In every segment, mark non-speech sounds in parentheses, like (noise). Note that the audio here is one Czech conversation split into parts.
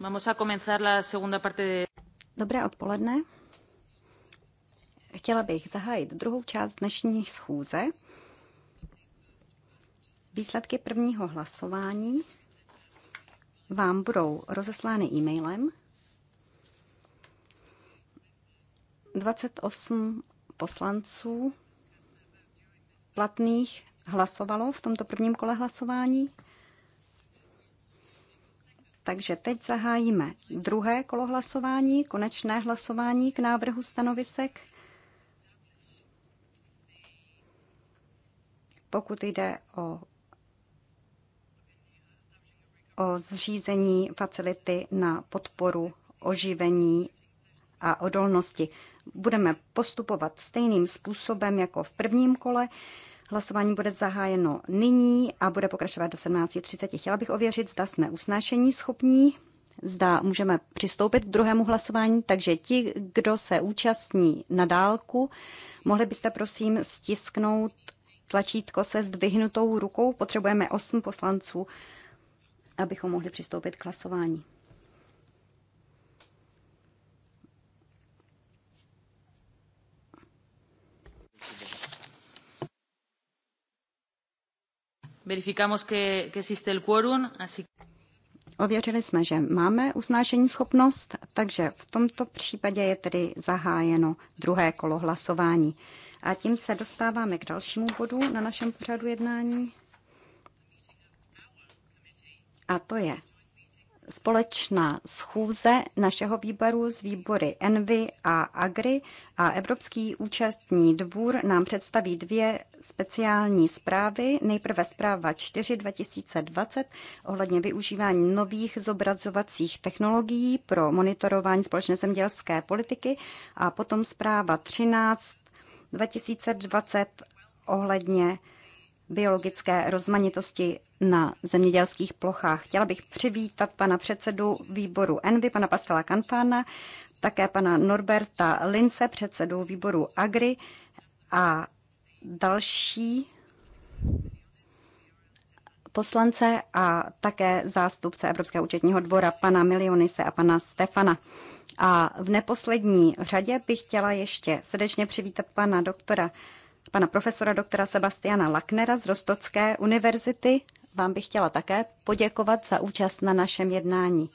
Vamos a comenzar la segunda parte de... Dobré odpoledne. Chtěla bych zahájit druhou část dnešní schůze. Výsledky prvního hlasování vám budou rozeslány e-mailem. 28 poslanců platných hlasovalo v tomto prvním kole hlasování. Takže teď zahájíme druhé kolo hlasování, konečné hlasování k návrhu stanovisek. Pokud jde o, o zřízení facility na podporu oživení a odolnosti, budeme postupovat stejným způsobem jako v prvním kole. Hlasování bude zahájeno nyní a bude pokračovat do 17.30. Chtěla bych ověřit, zda jsme usnášení schopní, zda můžeme přistoupit k druhému hlasování, takže ti, kdo se účastní na dálku, mohli byste prosím stisknout tlačítko se zdvihnutou rukou. Potřebujeme 8 poslanců, abychom mohli přistoupit k hlasování. Verificamos que, que existe el quórum, así Ověřili jsme, že máme uznášení schopnost, takže v tomto případě je tedy zahájeno druhé kolo hlasování. A tím se dostáváme k dalšímu bodu na našem pořadu jednání. A to je společná schůze našeho výboru z výbory Envy a Agri a Evropský účastní dvůr nám představí dvě speciální zprávy. Nejprve zpráva 4 2020 ohledně využívání nových zobrazovacích technologií pro monitorování společné zemědělské politiky a potom zpráva 13 2020 ohledně biologické rozmanitosti na zemědělských plochách. Chtěla bych přivítat pana předsedu výboru Envy, pana Pastela Kanfána, také pana Norberta Lince, předsedu výboru Agri a další poslance a také zástupce Evropského účetního dvora, pana Milionise a pana Stefana. A v neposlední řadě bych chtěla ještě srdečně přivítat pana doktora pana profesora doktora Sebastiana Laknera z Rostocké univerzity. Vám bych chtěla také poděkovat za účast na našem jednání.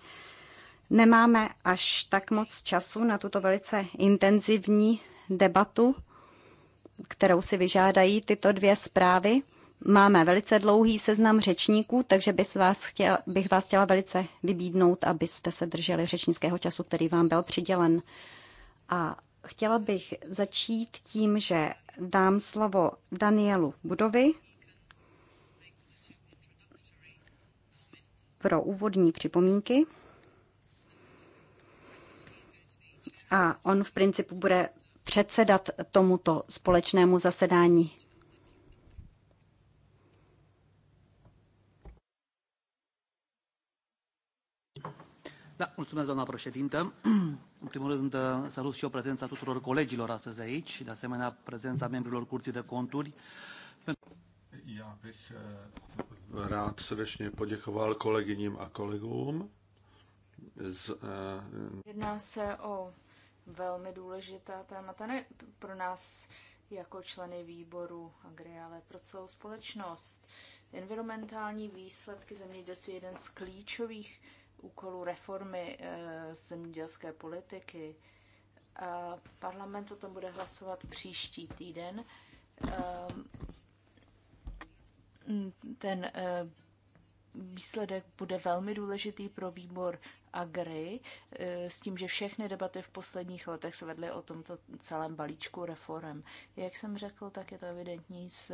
Nemáme až tak moc času na tuto velice intenzivní debatu, kterou si vyžádají tyto dvě zprávy. Máme velice dlouhý seznam řečníků, takže bych vás, chtěla, bych vás chtěla velice vybídnout, abyste se drželi řečnického času, který vám byl přidělen. A Chtěla bych začít tím, že dám slovo Danielu Budovi pro úvodní připomínky. A on v principu bude předsedat tomuto společnému zasedání Da, mulțumesc, doamna președintă. În primul rând, uh, salut și eu prezența tuturor colegilor astăzi aici de asemenea, prezența membrilor Curții de Conturi. Já bych uh, rád srdečně poděkoval kolegyním a kolegům. Z, uh... Jedná se o velmi důležitá témata, ne pro nás jako členy výboru Agri, ale pro celou společnost. Environmentální výsledky zemědělství je jeden z klíčových úkolů reformy eh, zemědělské politiky. Parlament o tom bude hlasovat příští týden. Eh, ten eh, výsledek bude velmi důležitý pro výbor Agri, s tím, že všechny debaty v posledních letech se vedly o tomto celém balíčku reform. Jak jsem řekl, tak je to evidentní z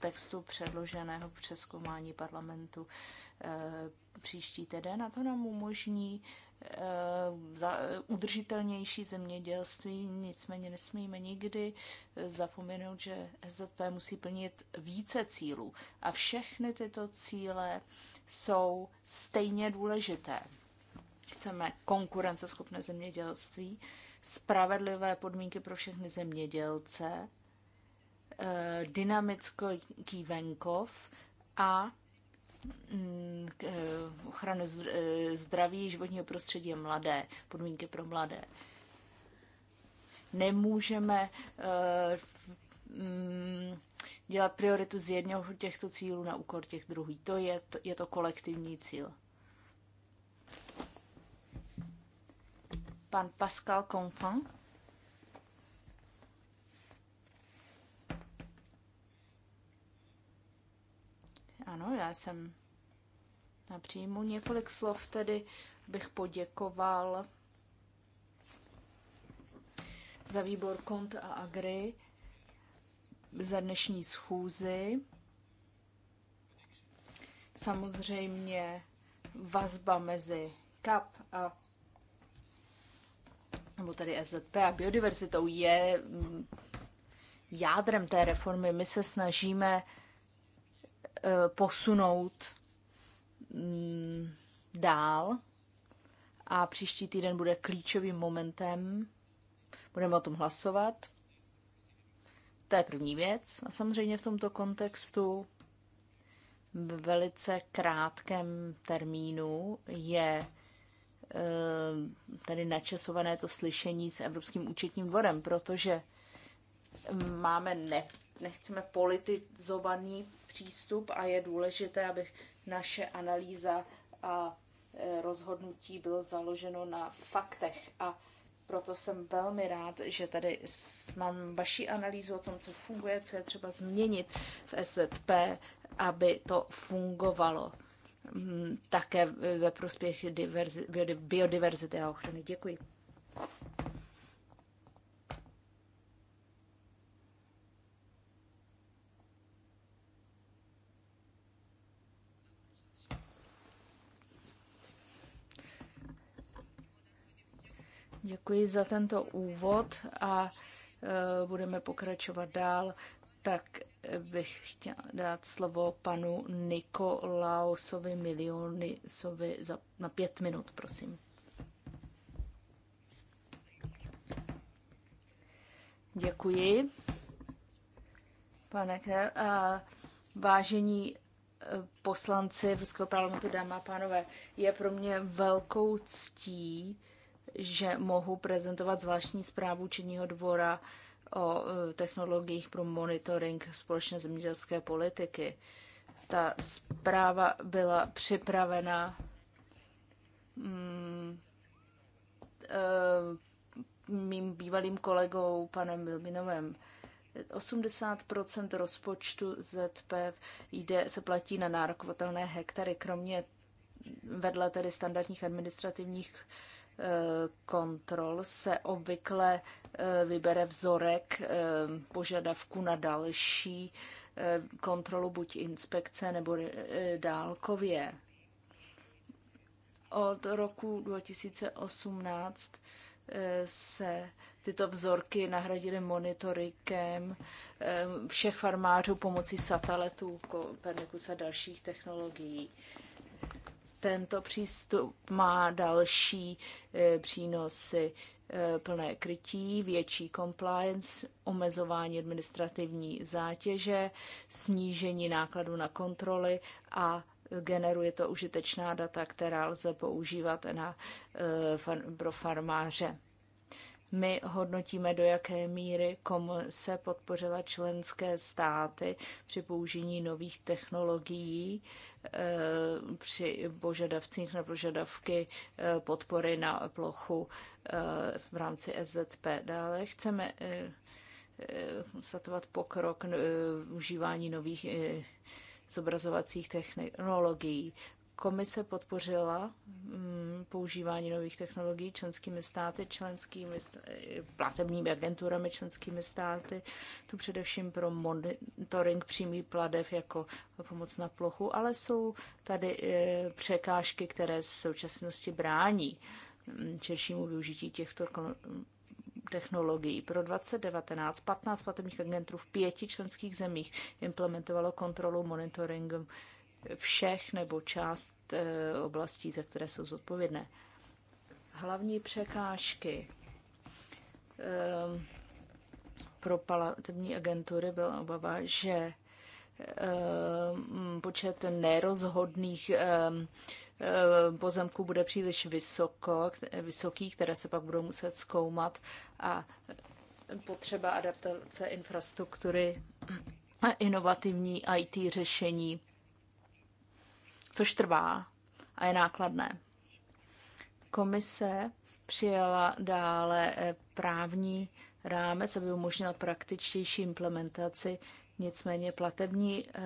textu předloženého přeskoumání parlamentu Eh, příští týden a to nám umožní eh, za udržitelnější zemědělství, nicméně nesmíme nikdy zapomenout, že SZP musí plnit více cílů a všechny tyto cíle jsou stejně důležité. Chceme konkurenceschopné zemědělství, spravedlivé podmínky pro všechny zemědělce, eh, dynamický venkov a Mm, eh, ochranu eh, zdraví, životního prostředí a mladé, podmínky pro mladé. Nemůžeme eh, mm, dělat prioritu z jednoho těchto cílů na úkor těch druhých. To je, je to kolektivní cíl. Pan Pascal Confant. Ano, já jsem na příjmu několik slov tedy bych poděkoval za výbor kont a agri, za dnešní schůzi. Samozřejmě vazba mezi CAP a nebo tady SZP a biodiverzitou je mm, jádrem té reformy. My se snažíme Eh, posunout mm, dál. A příští týden bude klíčovým momentem. Budeme o tom hlasovat. To je první věc. A samozřejmě v tomto kontextu v velice krátkém termínu je eh, tady načasované to slyšení s Evropským účetním dvorem, protože máme ne, nechceme politizovaný přístup a je důležité, aby naše analýza a e, rozhodnutí bylo založeno na faktech a proto jsem velmi rád, že tady mám vaši analýzu o tom, co funguje, co je třeba změnit v SZP, aby to fungovalo mm, také ve prospěch biodiverzity a ochrany. Děkuji. Děkuji za tento úvod a e, budeme pokračovat dál. Tak e, bych chtěla dát slovo panu Nikolausovi Milionisovi za, na pět minut, prosím. Děkuji, pane A vážení e, poslanci Ruského parlamentu, dámy a pánové, je pro mě velkou ctí že mohu prezentovat zvláštní zprávu Činního dvora o e, technologiích pro monitoring společné zemědělské politiky. Ta zpráva byla připravena mm, e, mým bývalým kolegou panem Vilminovem. 80 rozpočtu ZP jde, se platí na nárokovatelné hektary, kromě vedle tedy standardních administrativních kontrol se obvykle eh, vybere vzorek eh, požadavku na další eh, kontrolu buď inspekce nebo dálkově. Od roku 2018 se tyto vzorky nahradily monitorikem všech farmářů pomocí satelitů, Kopernikus a dalších technologií tento přístup má další eh, přínosy eh, plné krytí, větší compliance, omezování administrativní zátěže, snížení nákladu na kontroly a generuje to užitečná data, která lze používat na, eh, pro farmáře. My hodnotíme, do jaké míry komise podpořila členské státy při použití nových technologií Eh, při požadavcích na požadavky eh, podpory na plochu eh, v rámci SZP. Dále chceme konstatovat pokrok užívání nových zobrazovacích technologií. Komise podpořila mm, používání nových technologií členskými státy, členskými eh, platebními agenturami členskými státy, tu především pro monitoring přímý pladev jako pomoc na plochu, ale jsou tady eh, překážky, které v současnosti brání mm, širšímu využití těchto technologií. Pro 2019 15 platebních agentů v pěti členských zemích implementovalo kontrolu monitoringu všech nebo část eh, oblastí, za které jsou zodpovědné. Hlavní překážky eh, pro palativní agentury byla obava, že eh, počet nerozhodných pozemků bude příliš vysoko, vysoký, které se pak budou muset zkoumat a potřeba adaptace infrastruktury a inovativní IT řešení což trvá a je nákladné. Komise přijala dále eh, právní rámec, aby umožnila praktičtější implementaci, nicméně platební eh,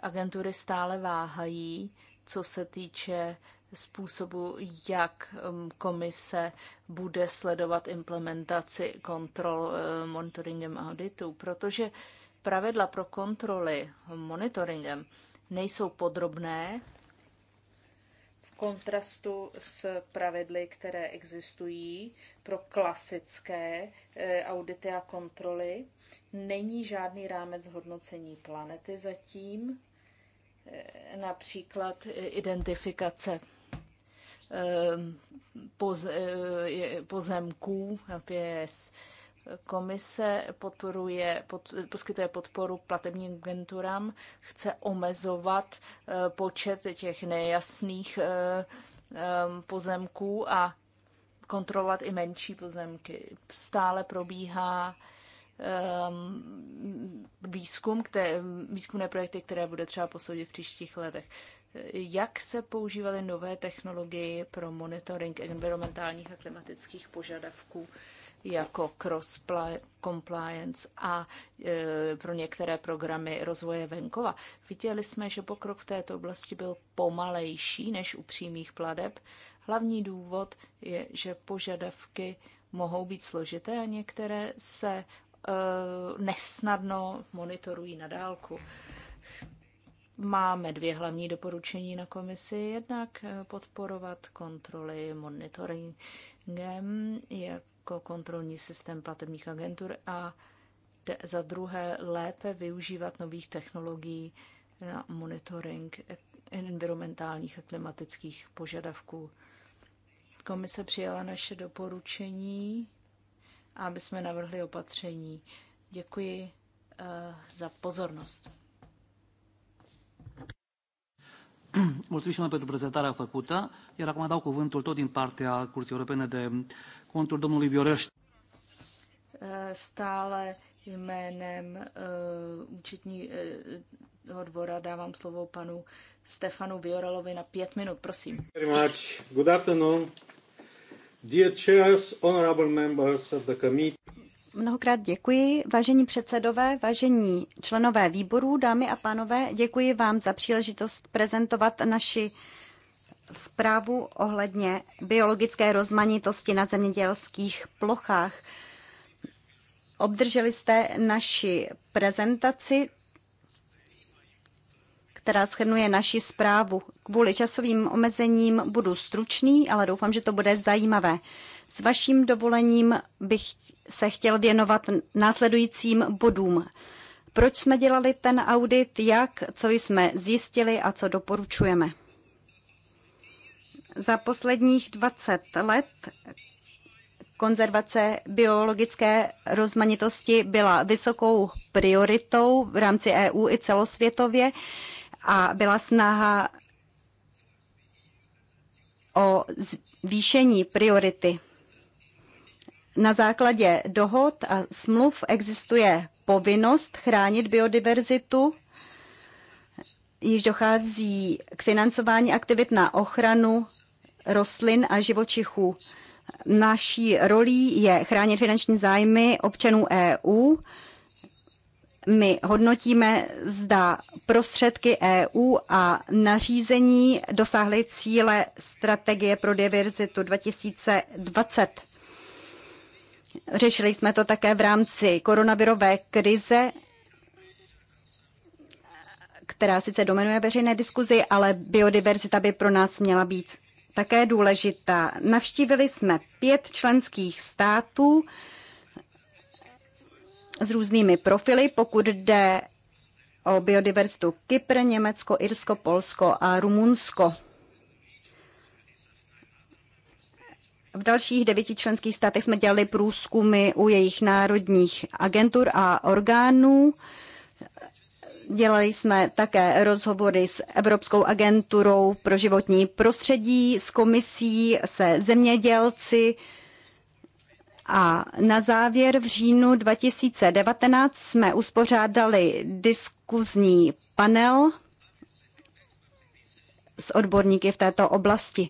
agentury stále váhají, co se týče způsobu, jak mm, komise bude sledovat implementaci kontrol eh, monitoringem auditu, protože pravidla pro kontroly monitoringem nejsou podrobné v kontrastu s pravidly, které existují pro klasické eh, audity a kontroly. Není žádný rámec hodnocení planety zatím, eh, například eh, identifikace pozemků, PS, Komise podporuje, pod, poskytuje podporu platebním agenturám, chce omezovat eh, počet těch nejasných eh, eh, pozemků a kontrolovat i menší pozemky. Stále probíhá výzkum, které, výzkumné projekty, které bude třeba posoudit v příštích letech. Jak se používaly nové technologie pro monitoring environmentálních a klimatických požadavků jako cross compliance a e, pro některé programy rozvoje venkova. Viděli jsme, že pokrok v této oblasti byl pomalejší než u přímých pladeb. Hlavní důvod je, že požadavky mohou být složité a některé se e, nesnadno monitorují na dálku. Máme dvě hlavní doporučení na komisi. Jednak e, podporovat kontroly monitoringem, jak jako kontrolní systém platebních agentur a za druhé lépe využívat nových technologií na monitoring environmentálních a klimatických požadavků. Komise přijala naše doporučení, aby jsme navrhli opatření. Děkuji eh, za pozornost. (clears throat) Mulțumim și noi pentru prezentarea făcută, iar acum dau cuvântul tot din partea Curții Europene de Conturi domnului Viorești. Stále jménem uh, účetní uh, odbora dávám slovo panu Stefanu Viorelovi na pět minut, prosím. Very much. Good afternoon. Dear chairs, honorable members of the committee. Mnohokrát děkuji. Vážení předsedové, vážení členové výborů, dámy a pánové, děkuji vám za příležitost prezentovat naši zprávu ohledně biologické rozmanitosti na zemědělských plochách. Obdrželi jste naši prezentaci která schrnuje naši zprávu. Kvůli časovým omezením budu stručný, ale doufám, že to bude zajímavé. S vaším dovolením bych se chtěl věnovat následujícím bodům. Proč jsme dělali ten audit, jak, co jsme zjistili a co doporučujeme? Za posledních 20 let konzervace biologické rozmanitosti byla vysokou prioritou v rámci EU i celosvětově a byla snaha o zvýšení priority. Na základě dohod a smluv existuje povinnost chránit biodiverzitu, již dochází k financování aktivit na ochranu rostlin a živočichů. Naší rolí je chránit finanční zájmy občanů EU my hodnotíme, zda prostředky EU a nařízení dosáhly cíle strategie pro diverzitu 2020. Řešili jsme to také v rámci koronavirové krize, která sice dominuje veřejné diskuzi, ale biodiverzita by pro nás měla být také důležitá. Navštívili jsme pět členských států, s různými profily, pokud jde o biodiverzitu Kypr, Německo, Irsko, Polsko a Rumunsko. V dalších devíti členských státech jsme dělali průzkumy u jejich národních agentur a orgánů. Dělali jsme také rozhovory s Evropskou agenturou pro životní prostředí, s komisí, se zemědělci, a na závěr v říjnu 2019 jsme uspořádali diskuzní panel s odborníky v této oblasti,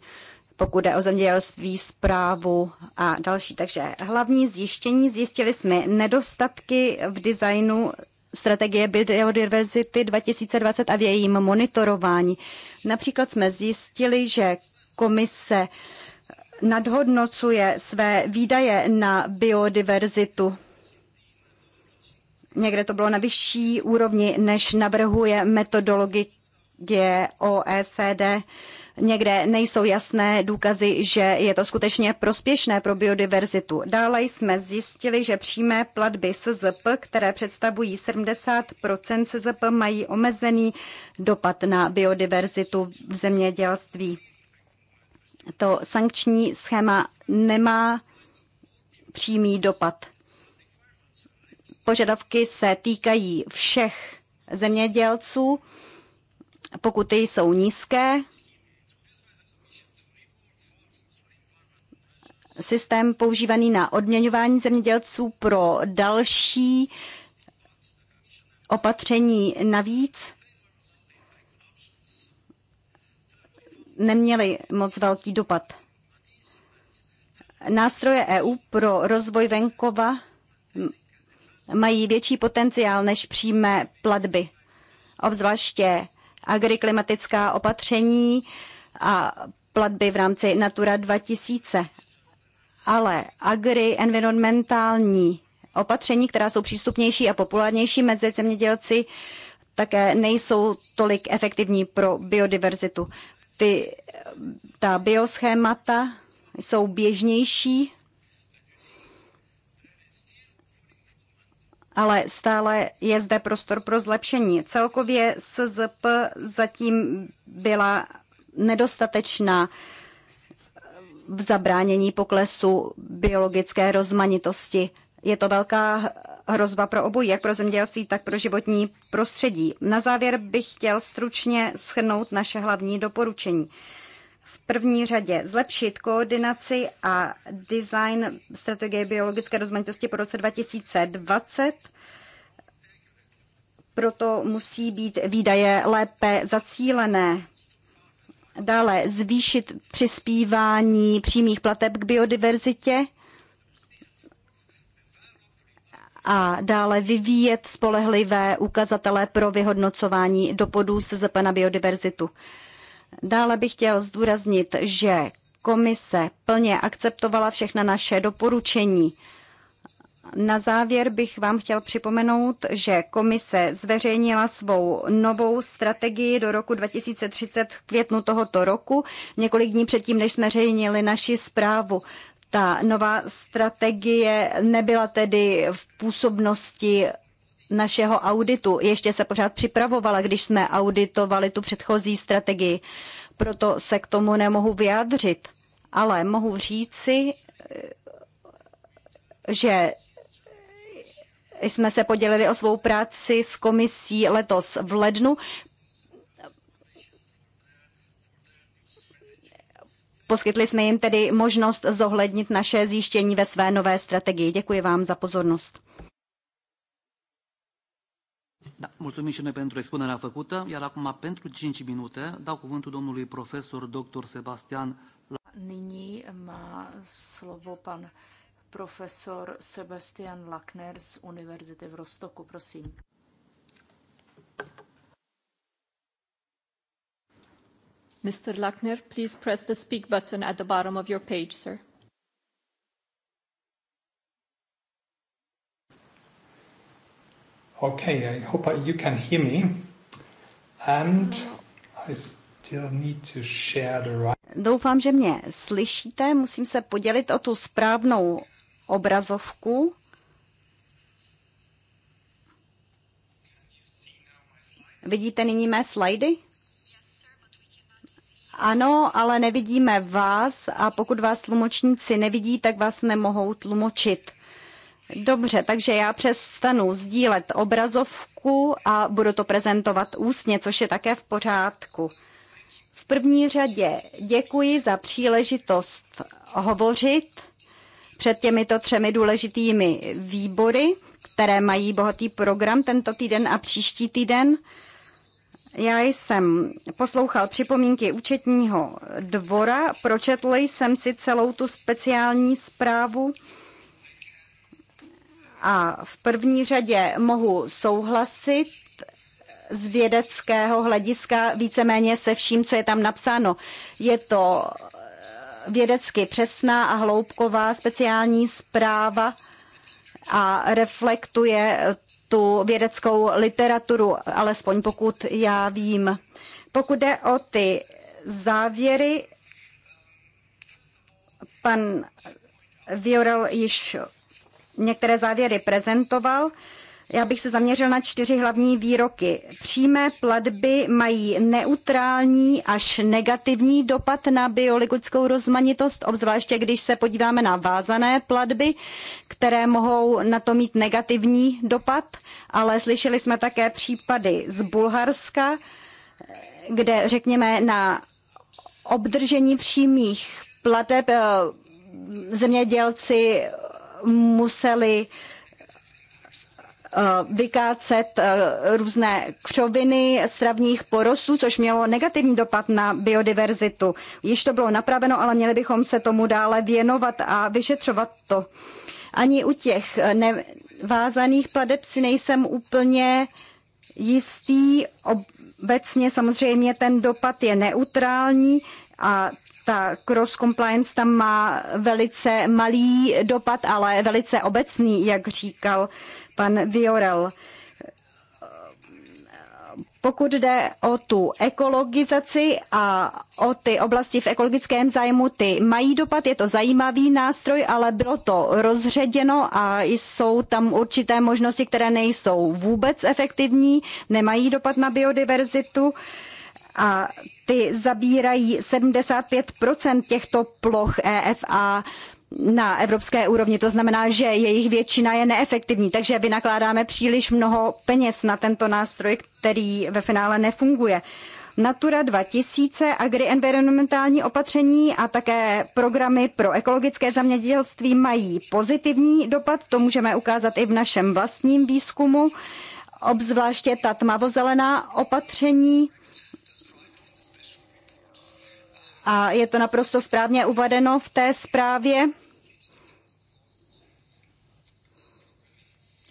pokud jde o zemědělství, zprávu a další. Takže hlavní zjištění zjistili jsme nedostatky v designu strategie biodiverzity 2020 a v jejím monitorování. Například jsme zjistili, že komise nadhodnocuje své výdaje na biodiverzitu. Někde to bylo na vyšší úrovni, než navrhuje metodologie OECD. Někde nejsou jasné důkazy, že je to skutečně prospěšné pro biodiverzitu. Dále jsme zjistili, že přímé platby SZP, které představují 70 SZP, mají omezený dopad na biodiverzitu v zemědělství to sankční schéma nemá přímý dopad. Požadavky se týkají všech zemědělců, pokud ty jsou nízké. Systém používaný na odměňování zemědělců pro další opatření navíc neměly moc velký dopad. Nástroje EU pro rozvoj venkova mají větší potenciál než přímé platby, obzvláště agriklimatická opatření a platby v rámci Natura 2000. Ale agri-environmentální opatření, která jsou přístupnější a populárnější mezi zemědělci, také nejsou tolik efektivní pro biodiverzitu ty, ta bioschémata jsou běžnější, ale stále je zde prostor pro zlepšení. Celkově SZP zatím byla nedostatečná v zabránění poklesu biologické rozmanitosti. Je to velká hrozba pro obojí, jak pro zemědělství, tak pro životní prostředí. Na závěr bych chtěl stručně schrnout naše hlavní doporučení. V první řadě zlepšit koordinaci a design strategie biologické rozmanitosti po roce 2020. Proto musí být výdaje lépe zacílené. Dále zvýšit přispívání přímých plateb k biodiverzitě a dále vyvíjet spolehlivé ukazatele pro vyhodnocování dopadů SZP na biodiverzitu. Dále bych chtěl zdůraznit, že komise plně akceptovala všechna naše doporučení. Na závěr bych vám chtěl připomenout, že komise zveřejnila svou novou strategii do roku 2030 v květnu tohoto roku, několik dní předtím, než jsme zveřejnili naši zprávu. Ta nová strategie nebyla tedy v působnosti našeho auditu. Ještě se pořád připravovala, když jsme auditovali tu předchozí strategii, proto se k tomu nemohu vyjádřit. Ale mohu říci, že jsme se podělili o svou práci s komisí letos v lednu. Poskytli jsme jim tedy možnost zohlednit naše zjištění ve své nové strategii. Děkuji vám za pozornost. Da, mulțumim și noi pentru expunerea făcută, iar acum pentru 5 minute dau cuvântul domnului profesor dr. Sebastian Nyní má slovo pan profesor Sebastian Lackner z Univerzity v Rostoku, prosím. Mr. Lackner, please press the speak button at the bottom of your page, sir. Okay, I hope you can hear me. And I still need to share the right... Doufám, že mě slyšíte. Musím se podělit o tu správnou obrazovku. Vidíte nyní mé slajdy? Ano, ale nevidíme vás a pokud vás tlumočníci nevidí, tak vás nemohou tlumočit. Dobře, takže já přestanu sdílet obrazovku a budu to prezentovat ústně, což je také v pořádku. V první řadě děkuji za příležitost hovořit před těmito třemi důležitými výbory, které mají bohatý program tento týden a příští týden. Já jsem poslouchal připomínky účetního dvora, pročetl jsem si celou tu speciální zprávu a v první řadě mohu souhlasit z vědeckého hlediska víceméně se vším, co je tam napsáno. Je to eh, vědecky přesná a hloubková speciální zpráva a reflektuje tu vědeckou literaturu, alespoň pokud já vím. Pokud jde o ty závěry, pan Viorel již některé závěry prezentoval. Uh, já bych se zaměřil na čtyři hlavní výroky. Přímé platby mají neutrální až negativní dopad na biologickou rozmanitost, obzvláště když se podíváme na vázané platby, které mohou na to mít negativní dopad, ale slyšeli jsme také případy z Bulharska, kde řekněme na obdržení přímých plateb eh, zemědělci museli uh, Eh, vykácet eh, různé křoviny stravních porostů, což mělo negativní dopad na biodiverzitu. Již to bylo napraveno, ale měli bychom se tomu dále věnovat a vyšetřovat to. Ani u těch nevázaných pladeb si nejsem úplně jistý. Obecně samozřejmě ten dopad je neutrální a ta cross-compliance tam má velice malý dopad, ale velice obecný, jak říkal pan Viorel. Pokud jde o tu ekologizaci a o ty oblasti v ekologickém zájmu, ty mají dopad, je to zajímavý nástroj, ale bylo to rozředěno a jsou tam určité možnosti, které nejsou vůbec efektivní, nemají dopad na biodiverzitu. Uh, a ty zabírají 75 těchto ploch EFA na evropské úrovni. To znamená, že jejich většina je neefektivní, takže vynakládáme příliš mnoho peněz na tento nástroj, který ve finále nefunguje. Natura 2000, agri-environmentální opatření a také programy pro ekologické zemědělství mají pozitivní dopad. To můžeme ukázat i v našem vlastním výzkumu, obzvláště ta tmavozelená opatření a je to naprosto správně uvedeno v té zprávě.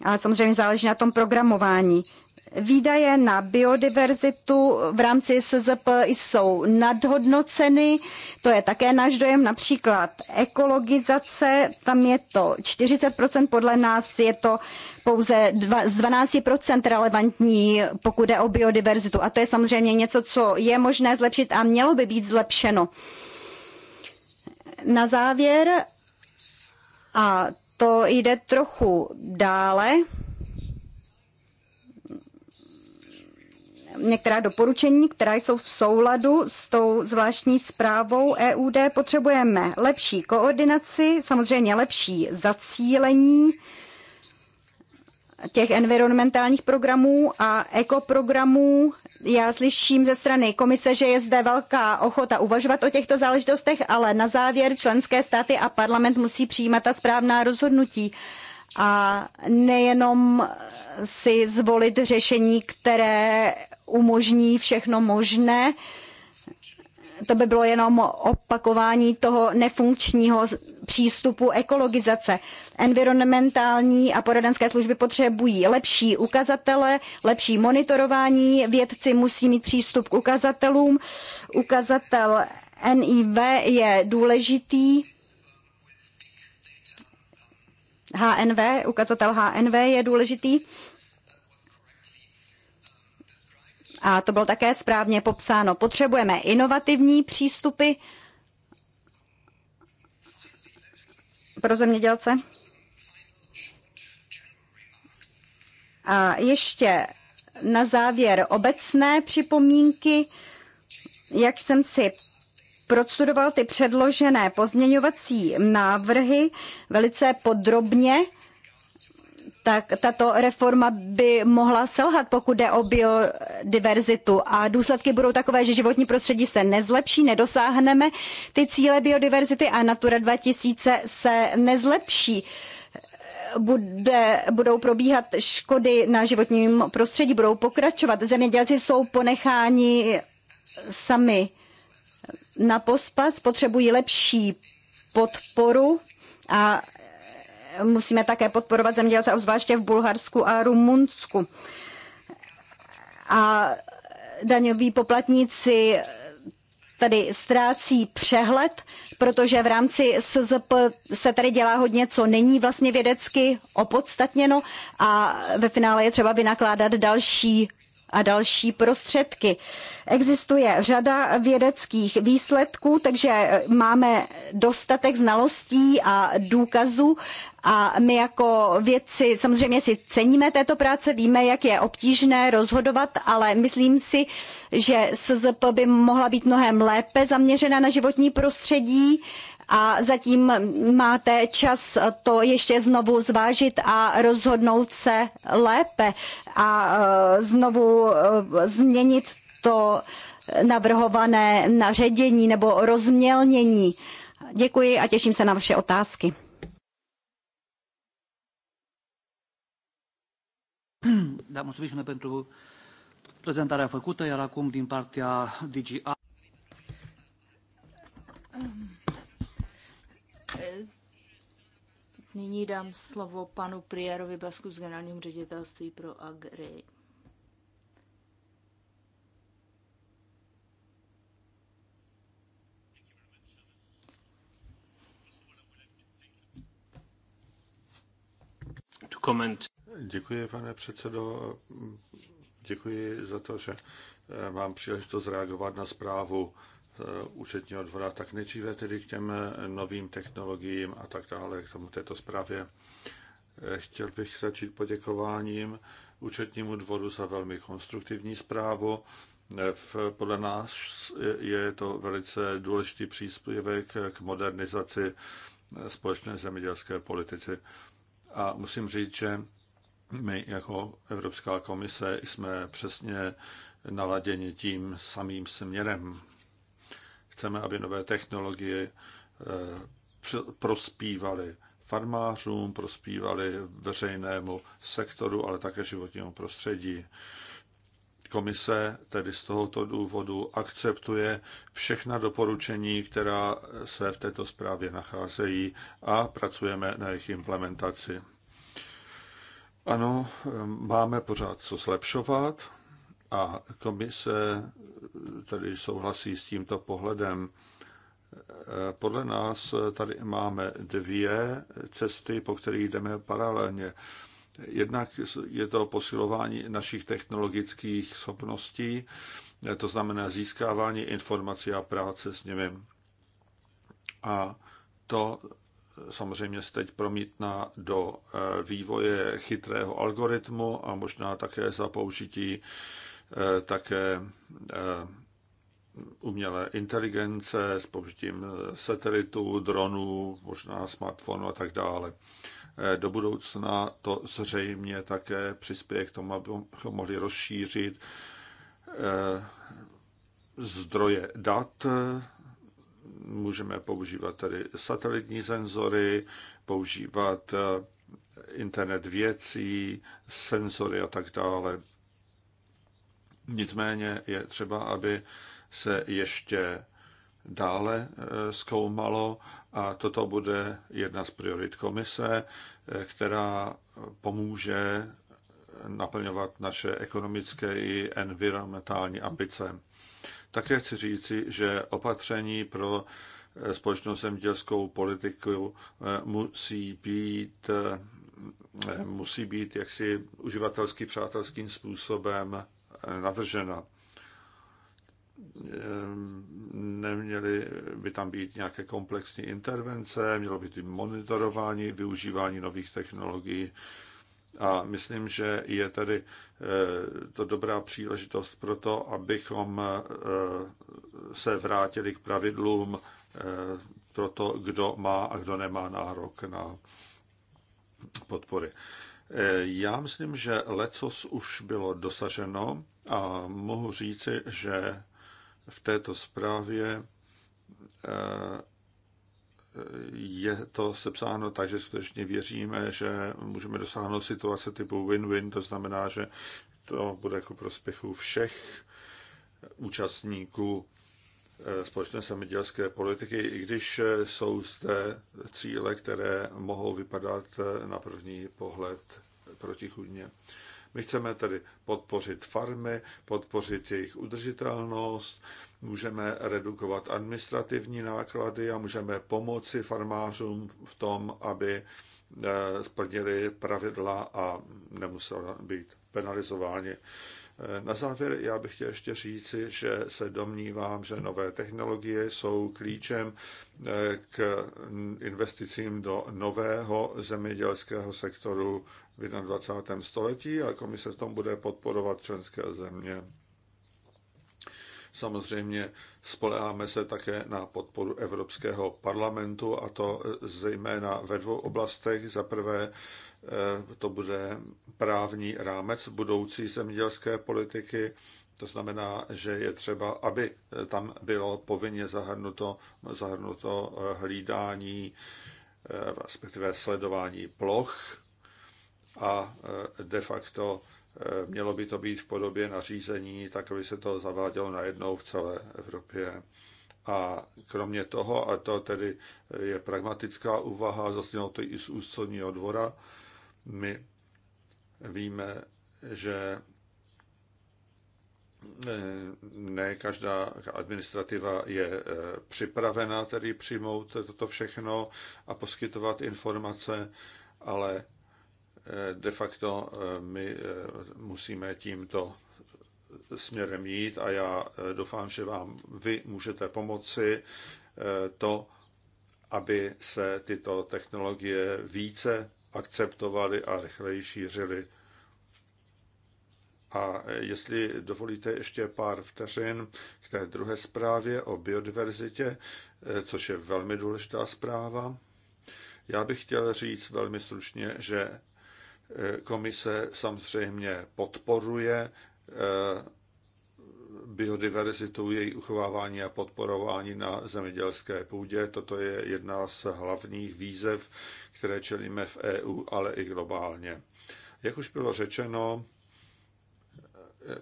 A samozřejmě záleží na tom programování. Výdaje na biodiverzitu v rámci SZP jsou nadhodnoceny, to je také náš dojem, například ekologizace, tam je to 40%, podle nás je to pouze dva, z 12% relevantní, pokud jde o biodiverzitu. A to je samozřejmě něco, co je možné zlepšit a mělo by být zlepšeno. Na závěr, a to jde trochu dále, některá doporučení, která jsou v souladu s tou zvláštní zprávou EUD. Potřebujeme lepší koordinaci, samozřejmě lepší zacílení těch environmentálních programů a ekoprogramů. Já slyším ze strany komise, že je zde velká ochota uvažovat o těchto záležitostech, ale na závěr členské státy a parlament musí přijímat ta správná rozhodnutí a nejenom si zvolit řešení, které umožní všechno možné, to by bylo jenom opakování toho nefunkčního přístupu ekologizace. Environmentální a poradenské služby potřebují lepší ukazatele, lepší monitorování, vědci musí mít přístup k ukazatelům. Ukazatel NIV je důležitý HNV, ukazatel HNV je důležitý. A to bylo také správně popsáno. Potřebujeme inovativní přístupy pro zemědělce. A ještě na závěr obecné připomínky. Jak jsem si prostudoval ty předložené pozměňovací návrhy velice podrobně, tak tato reforma by mohla selhat, pokud jde o biodiverzitu. A důsledky budou takové, že životní prostředí se nezlepší, nedosáhneme ty cíle biodiverzity a Natura 2000 se nezlepší. Bude, budou probíhat škody na životním prostředí, budou pokračovat. Zemědělci jsou ponecháni sami na pospas potřebují lepší podporu a e, musíme také podporovat zemědělce, obzvláště v Bulharsku a Rumunsku. A daňoví poplatníci tady ztrácí přehled, protože v rámci SZP se tady dělá hodně, co není vlastně vědecky opodstatněno a ve finále je třeba vynakládat další a další prostředky. Existuje řada vědeckých výsledků, takže eh, máme dostatek znalostí a důkazů a my jako vědci samozřejmě si ceníme této práce, víme, jak je obtížné rozhodovat, ale myslím si, že SZP by mohla být mnohem lépe zaměřena na životní prostředí a zatím máte čas to ještě znovu zvážit a rozhodnout se lépe a e, znovu e, změnit to navrhované naředění nebo rozmělnění. Děkuji a těším se na vaše otázky. prezentarea făcută, iar acum din partea DGA. Um. Eh, nyní dám slovo panu Priérovi Basku z generálního ředitelství pro Agri. Děkuji, pane předsedo. Děkuji za to, že eh, mám příležitost reagovat na zprávu Eh, účetního dvora, tak nejdříve tedy k těm eh, novým technologiím a tak dále, k tomu této zprávě. Eh, chtěl bych začít poděkováním účetnímu dvoru za velmi konstruktivní zprávu. V, podle nás je to velice důležitý příspěvek k modernizaci společné zemědělské politice. A musím říct, že my jako Evropská komise jsme přesně naladěni tím samým směrem. Chceme, aby nové technologie eh, prospívaly farmářům, prospívaly veřejnému sektoru, ale také životnímu prostředí. Komise tedy z tohoto důvodu akceptuje všechna doporučení, která se v této zprávě nacházejí a pracujeme na jejich implementaci. Ano, eh, máme pořád co zlepšovat, a komise tedy souhlasí s tímto pohledem. Podle nás tady máme dvě cesty, po kterých jdeme paralelně. Jednak je to posilování našich technologických schopností, to znamená získávání informací a práce s nimi. A to samozřejmě se teď promítná do eh, vývoje chytrého algoritmu a možná také za použití Eh, také eh, umělé inteligence s použitím eh, satelitů, dronů, možná smartfonu a tak dále. Do budoucna to zřejmě také přispěje k tomu, abychom mohli rozšířit zdroje dat. Můžeme používat tedy satelitní senzory, používat internet věcí, senzory a tak dále. Nicméně je třeba, aby se ještě dále e, zkoumalo a toto bude jedna z priorit komise, e, která pomůže naplňovat naše ekonomické i environmentální ambice. Také chci říci, že opatření pro e, společnou zemědělskou politiku musí být, musí být jaksi uživatelsky přátelským způsobem navržena. Neměly by tam být nějaké komplexní intervence, mělo by být monitorování, využívání nových technologií. A myslím, že je tady eh, to dobrá příležitost pro to, abychom eh, se vrátili k pravidlům eh, pro to, kdo má a kdo nemá nárok na podpory. Já myslím, že lecos už bylo dosaženo a mohu říci, že v této zprávě eh, je to sepsáno tak, že skutečně věříme, že můžeme dosáhnout situace typu win-win, to znamená, že to bude jako prospěchu všech účastníků eh, společné zemědělské politiky, i když eh, jsou zde cíle, které mohou vypadat na první pohled protichudně. My chceme tedy podpořit farmy, podpořit jejich udržitelnost, můžeme redukovat administrativní náklady a můžeme pomoci farmářům v tom, aby eh, splnili pravidla a nemuseli být penalizováni. Na závěr já bych chtěl ještě říci, že se domnívám, že nové technologie jsou klíčem eh, k investicím do nového zemědělského sektoru v 21. století a komise v tom bude podporovat členské země. Samozřejmě spoleháme se také na podporu Evropského parlamentu a to eh, zejména ve dvou oblastech. Za prvé Eh, to bude právní rámec budoucí zemědělské politiky. To znamená, že je třeba, aby eh, tam bylo povinně zahrnuto, zahrnuto eh, hlídání, respektive sledování ploch a de facto mělo by to být v podobě nařízení, tak aby se to zavádělo najednou v celé Evropě. A kromě toho, a to tedy je pragmatická úvaha, zasnělo to i z ústředního dvora, my víme, že eh, ne každá administrativa je eh, připravena tedy přijmout toto všechno a poskytovat informace, ale eh, de facto my musíme tímto směrem jít a já doufám, že vám vy můžete pomoci to, aby se tyto technologie více akceptovali a rychleji šířili. A jestli dovolíte ještě pár vteřin k té druhé zprávě o biodiverzitě, což je velmi důležitá zpráva. Já bych chtěl říct velmi stručně, že komise samozřejmě podporuje eh, biodiverzitu, její uchovávání a podporování na zemědělské půdě. Toto je jedna z hlavních výzev, které čelíme v EU, ale i globálně. Jak už bylo řečeno,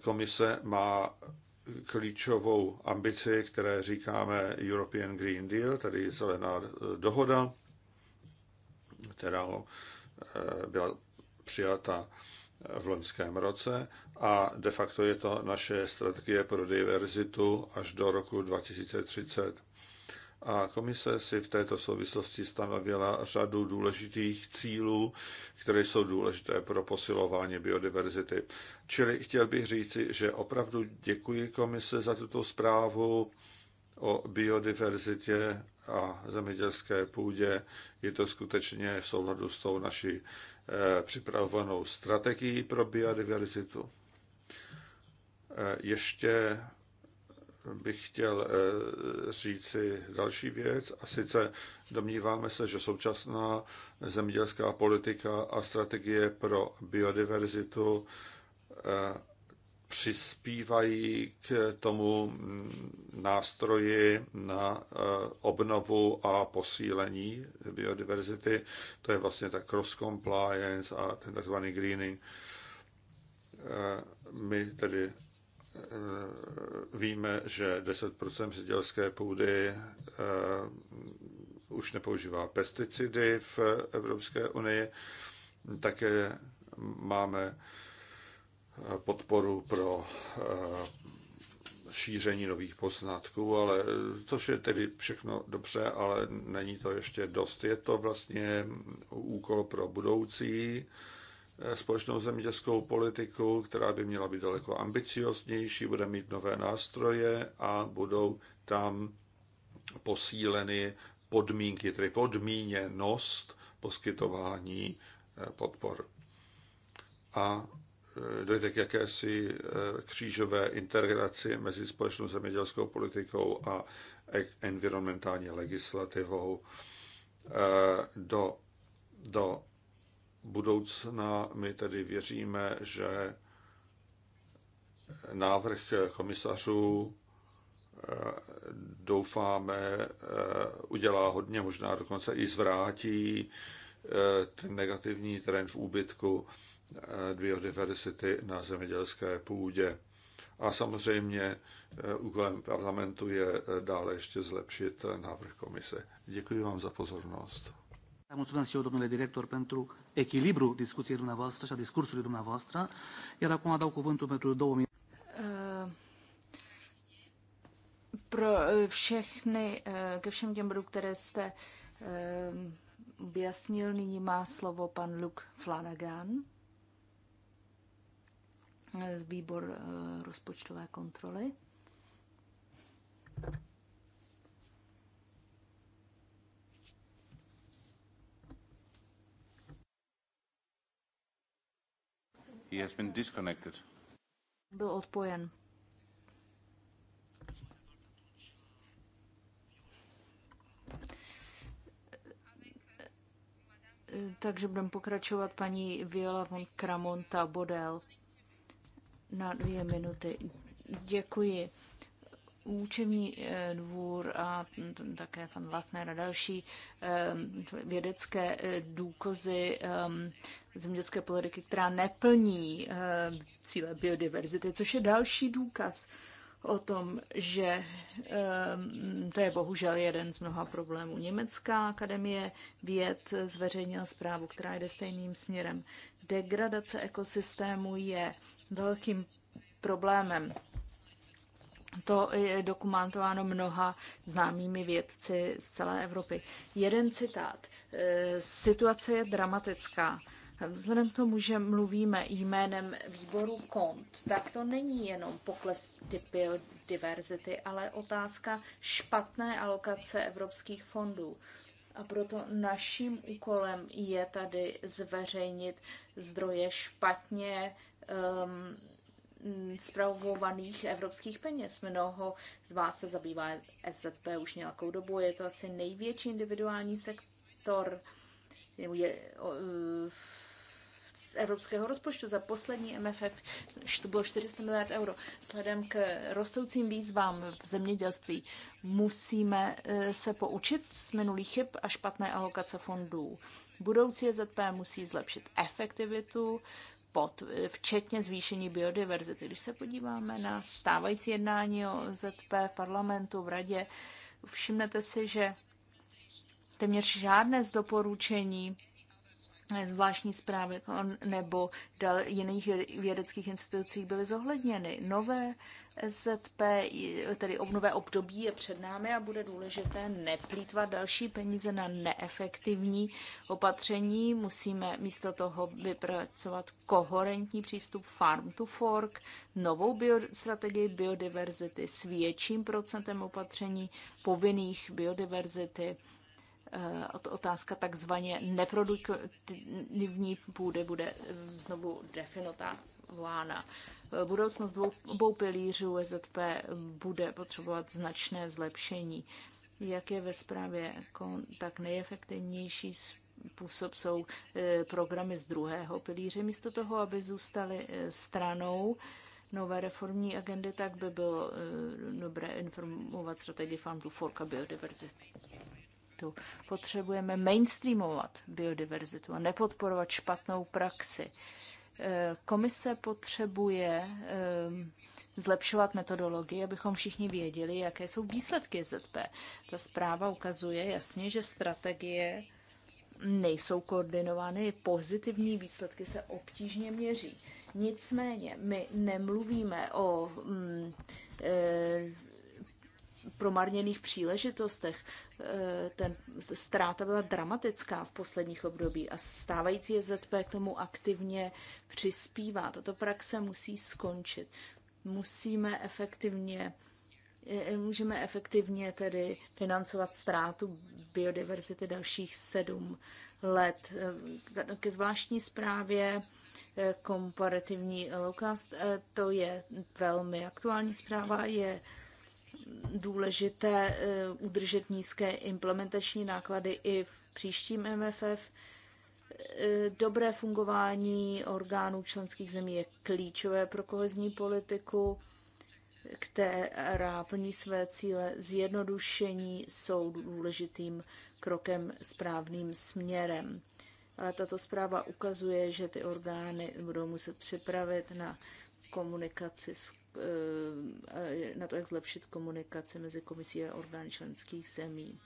komise má klíčovou ambici, které říkáme European Green Deal, tedy zelená dohoda, která eh, byla přijata v loňském roce a de facto je to naše strategie pro diverzitu až do roku 2030. A komise si v této souvislosti stanovila řadu důležitých cílů, které jsou důležité pro posilování biodiverzity. Čili chtěl bych říci, že opravdu děkuji komise za tuto zprávu o biodiverzitě a zemědělské půdě. Je to skutečně v souladu s tou naší eh, připravovanou strategií pro biodiverzitu. Eh, ještě bych chtěl eh, říci další věc, a sice domníváme se, že současná zemědělská politika a strategie pro biodiverzitu eh, přispívají k tomu mm, nástroji na obnovu a posílení biodiverzity. To je vlastně ta cross-compliance a ten takzvaný greening. My tedy Eh, víme, že 10 zemědělské půdy eh, už nepoužívá pesticidy v Evropské unii. Také máme eh, podporu pro šíření nových poznatků, ale to je tedy všechno dobře, ale není to ještě dost. Je to vlastně úkol pro budoucí Eh, společnou zemědělskou politiku, která by měla být daleko ambicioznější, bude mít nové nástroje a budou tam posíleny podmínky, tedy podmíněnost poskytování eh, podpor. A eh, dojde k jakési křížové integraci mezi společnou zemědělskou politikou a e-, environmentální legislativou. Do, do budoucna my tedy věříme, že návrh komisařů eh, doufáme eh, udělá hodně, možná dokonce i zvrátí eh, ten negativní trend v úbytku biodiverzity na zemědělské půdě. A samozřejmě úkolem parlamentu je dále ještě zlepšit návrh komise. Děkuji vám za pozornost. Mulțumesc și eu, domnule director, pentru echilibru discuției dumneavoastră și a discursului dumneavoastră. Iar acum dau cuvântul pentru două minute. Uh, pro uh, všechny, uh, ke všem těm bodům, které jste objasnil, nyní má slovo pan Luke Flanagan z výbor rozpočtové kontroly. He has been disconnected. Byl odpojen. Takže budeme pokračovat paní Viola von Kramonta Bodel na dvě minuty. Děkuji účevní eh, dvůr a také pan Lachner a další eh, vědecké eh, důkazy zemědělské politiky, která neplní cíle biodiverzity, což je další důkaz o tom, že to je bohužel jeden z mnoha problémů. Německá akademie věd zveřejnila zprávu, která jde stejným směrem. Degradace ekosystému je velkým problémem to je dokumentováno mnoha známými vědci z celé Evropy. Jeden citát. E, situace je dramatická. Vzhledem k tomu, že mluvíme jménem výboru KONT, tak to není jenom pokles diverzity, ale otázka špatné alokace evropských fondů. A proto naším úkolem je tady zveřejnit zdroje špatně um, zpravovaných mm, evropských peněz. Mnoho z vás se zabývá SZP už nějakou dobu, je to asi největší individuální sektor e, z evropského rozpočtu za poslední MFF to bylo 400 miliard euro. Sledem k rostoucím výzvám v zemědělství musíme e, se poučit z minulých chyb a špatné alokace fondů. Budoucí e ZP musí zlepšit efektivitu, pod, včetně zvýšení biodiverzity. Když se podíváme na stávající jednání o e ZP v parlamentu, v radě, všimnete si, že téměř žádné z doporučení zvláštní zprávy jako nebo dal, jiných vědeckých institucí byly zohledněny. Nové SZP, tedy obnové období je před námi a bude důležité neplýtvat další peníze na neefektivní opatření. Musíme místo toho vypracovat koherentní přístup Farm to Fork, novou bio, strategii biodiverzity s větším procentem opatření povinných biodiverzity Eh, otázka takzvaně neproduktivní půdy bude eh, znovu definována. Eh, budoucnost dvou, obou pilířů EZP bude potřebovat značné zlepšení. Jak je ve zprávě, tak nejefektivnější způsob jsou programy z druhého pilíře. Místo toho, aby zůstaly stranou, nové reformní agendy, tak by bylo dobré informovat strategii Farm to Fork a biodiverzity biodiverzitu. Potřebujeme mainstreamovat biodiverzitu a nepodporovat špatnou praxi. Eh, komise potřebuje eh, zlepšovat metodologii, abychom všichni věděli, jaké jsou výsledky ZP. Ta zpráva ukazuje jasně, že strategie nejsou koordinovány, pozitivní výsledky se obtížně měří. Nicméně my nemluvíme o mm, e, promarněných příležitostech. E, ten ztráta byla dramatická v posledních období a stávající ZP k tomu aktivně přispívá. Tato praxe musí skončit. Musíme efektivně e, e, můžeme efektivně tedy financovat ztrátu biodiverzity dalších sedm let. Ke zvláštní zprávě komparativní lokast, to je velmi aktuální zpráva, je důležité eh, udržet nízké implementační náklady i v příštím MFF. Eh, dobré fungování orgánů členských zemí je klíčové pro kohezní politiku, která plní své cíle. Zjednodušení jsou důležitým krokem správným směrem. Ale tato zpráva ukazuje, že ty orgány budou muset připravit na komunikaci, eh, na to, jak zlepšit komunikaci mezi komisí a orgány členských zemí.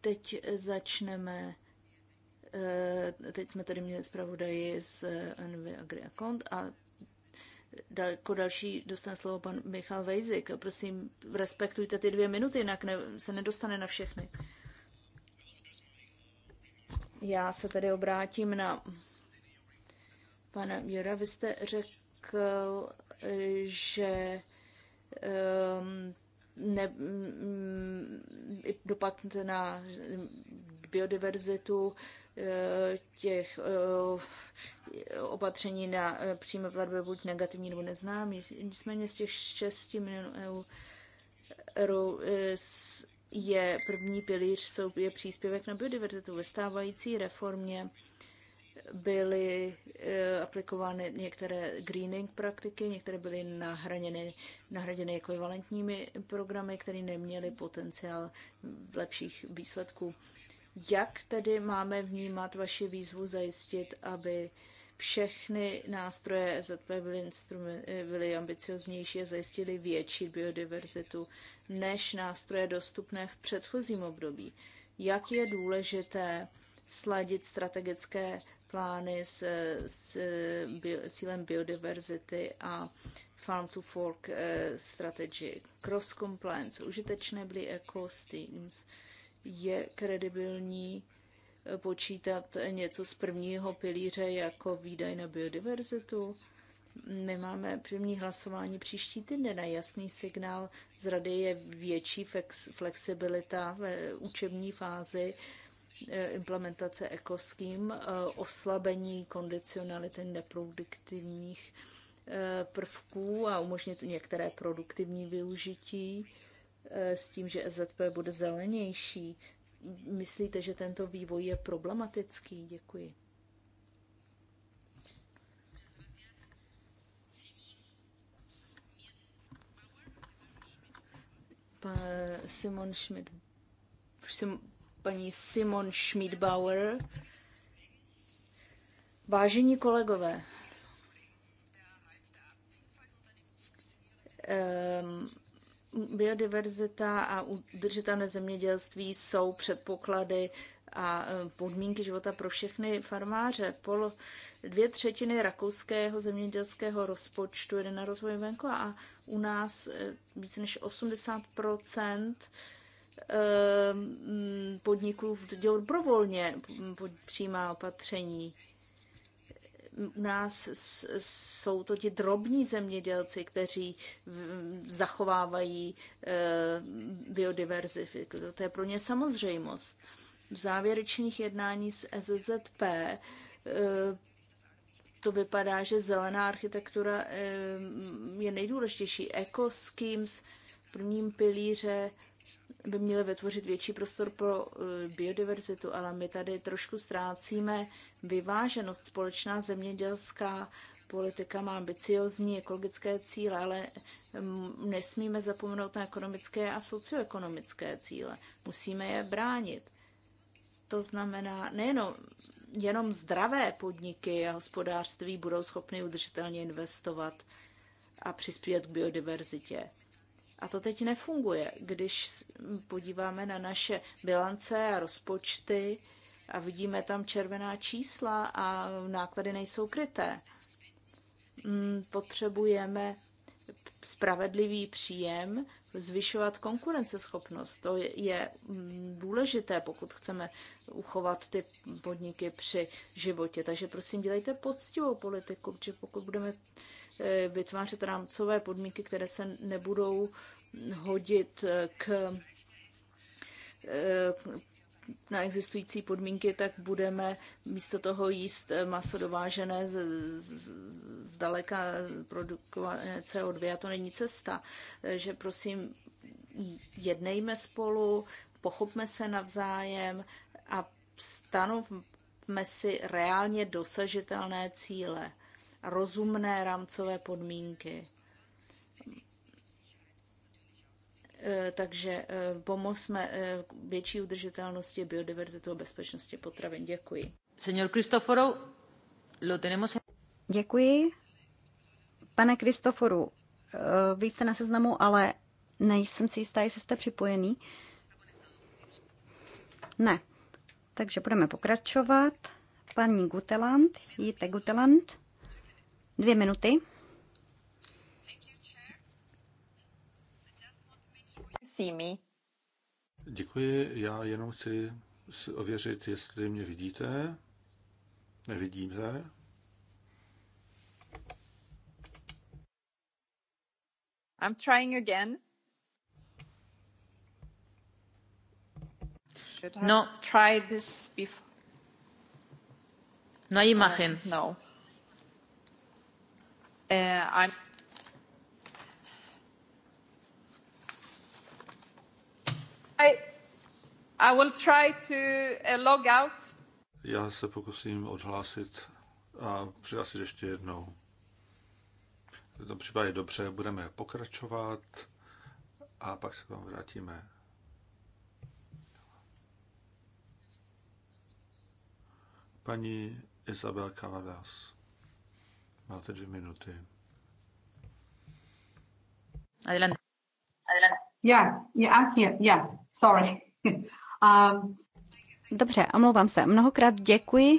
Teď začneme eh, teď jsme tady měli zpravodaji z NV Agri Account a jako další dostane slovo pan Michal Vejzik. Prosím, respektujte ty dvě minuty, jinak ne, se nedostane na všechny. Já se tedy obrátím na pana Jura. Vy jste řekl, že um, ne, mm, dopad na biodiverzitu těch eh, opatření na eh, přímé platby buď negativní nebo neznámý. Nicméně z těch 6 milionů eur eh, je první pilíř, jsou, je příspěvek na biodiverzitu. Ve stávající reformě byly aplikovány některé greening praktiky, některé byly nahraněny, nahraděny ekvivalentními programy, které neměly potenciál lepších výsledků. Jak tedy máme vnímat vaši výzvu zajistit, aby všechny nástroje EZP byly, byly ambicioznější a zajistily větší biodiverzitu než nástroje dostupné v předchozím období? Jak je důležité sladit strategické plány s, s bio, cílem biodiverzity a Farm to Fork eh, strategy, cross compliance, užitečné byly eco-steams, je kredibilní eh, počítat něco z prvního pilíře jako výdaj na biodiverzitu. My máme první hlasování příští týden na jasný signál z rady je větší flexibilita v učební fázi eh, implementace ekoským, eh, oslabení kondicionality neproduktivních prvků a umožnit některé produktivní využití s tím, že SZP bude zelenější. Myslíte, že tento vývoj je problematický? Děkuji. Simon Schmidt, Sim, paní Simon Schmidbauer. Vážení kolegové, um, Biodiverzita a udržitelné zemědělství jsou předpoklady a e, podmínky života pro všechny farmáře. Pol, dvě třetiny rakouského zemědělského rozpočtu jde na rozvoj venku a u nás e, více než 80 e, podniků dobrovolně přijímá opatření. U nás jsou to ti drobní zemědělci, kteří zachovávají eh, biodiverzitu. To je pro ně samozřejmost. V závěrečných jednání s SZP eh, to vypadá, že zelená architektura eh, je nejdůležitější. Eco Schemes v prvním pilíře by měly vytvořit větší prostor pro eh, biodiverzitu, ale my tady trošku ztrácíme vyváženost. Společná zemědělská politika má ambiciozní ekologické cíle, ale mm, nesmíme zapomenout na ekonomické a socioekonomické cíle. Musíme je bránit. To znamená, nejenom jenom zdravé podniky a hospodářství budou schopny udržitelně investovat a přispět k biodiverzitě. A to teď nefunguje. Když podíváme na naše bilance a rozpočty a vidíme tam červená čísla a náklady nejsou kryté, mm, potřebujeme spravedlivý příjem, zvyšovat konkurenceschopnost. To je mm, důležité, pokud chceme uchovat ty podniky při životě. Takže prosím, dělejte poctivou politiku, protože pokud budeme eh, vytvářet rámcové podmínky, které se nebudou hodit eh, k eh, na existující podmínky, tak budeme místo toho jíst maso dovážené z, z, daleka produkované CO2 a to není cesta. Že prosím, jednejme spolu, pochopme se navzájem a stanovme si reálně dosažitelné cíle, rozumné rámcové podmínky Eh, takže eh, pomozme eh, větší udržitelnosti, biodiverzitu a bezpečnosti potravin. Děkuji. Senor Kristoforo, lo tenemos... Děkuji. Pane Kristoforu, vy jste na seznamu, ale nejsem si jistá, jestli jste připojený. Ne. Takže budeme pokračovat. Paní Guteland, jíte Guteland, dvě minuty. see me. Děkuji, já jenom chci si ověřit, jestli mě vidíte. se. I'm trying again. Should no. tried this before. No hay imagen. Uh, no. Uh, I'm I, will try to uh, log out. Já se pokusím odhlásit a přihlásit ještě jednou. V tom případě dobře, budeme pokračovat a pak se vám vrátíme. Paní Isabel Cavadas, máte dvě minuty. Adelante. Adelante. Yeah, yeah, I'm here. Yeah, sorry. (laughs) um... Dobře, omlouvám se. Mnohokrát děkuji.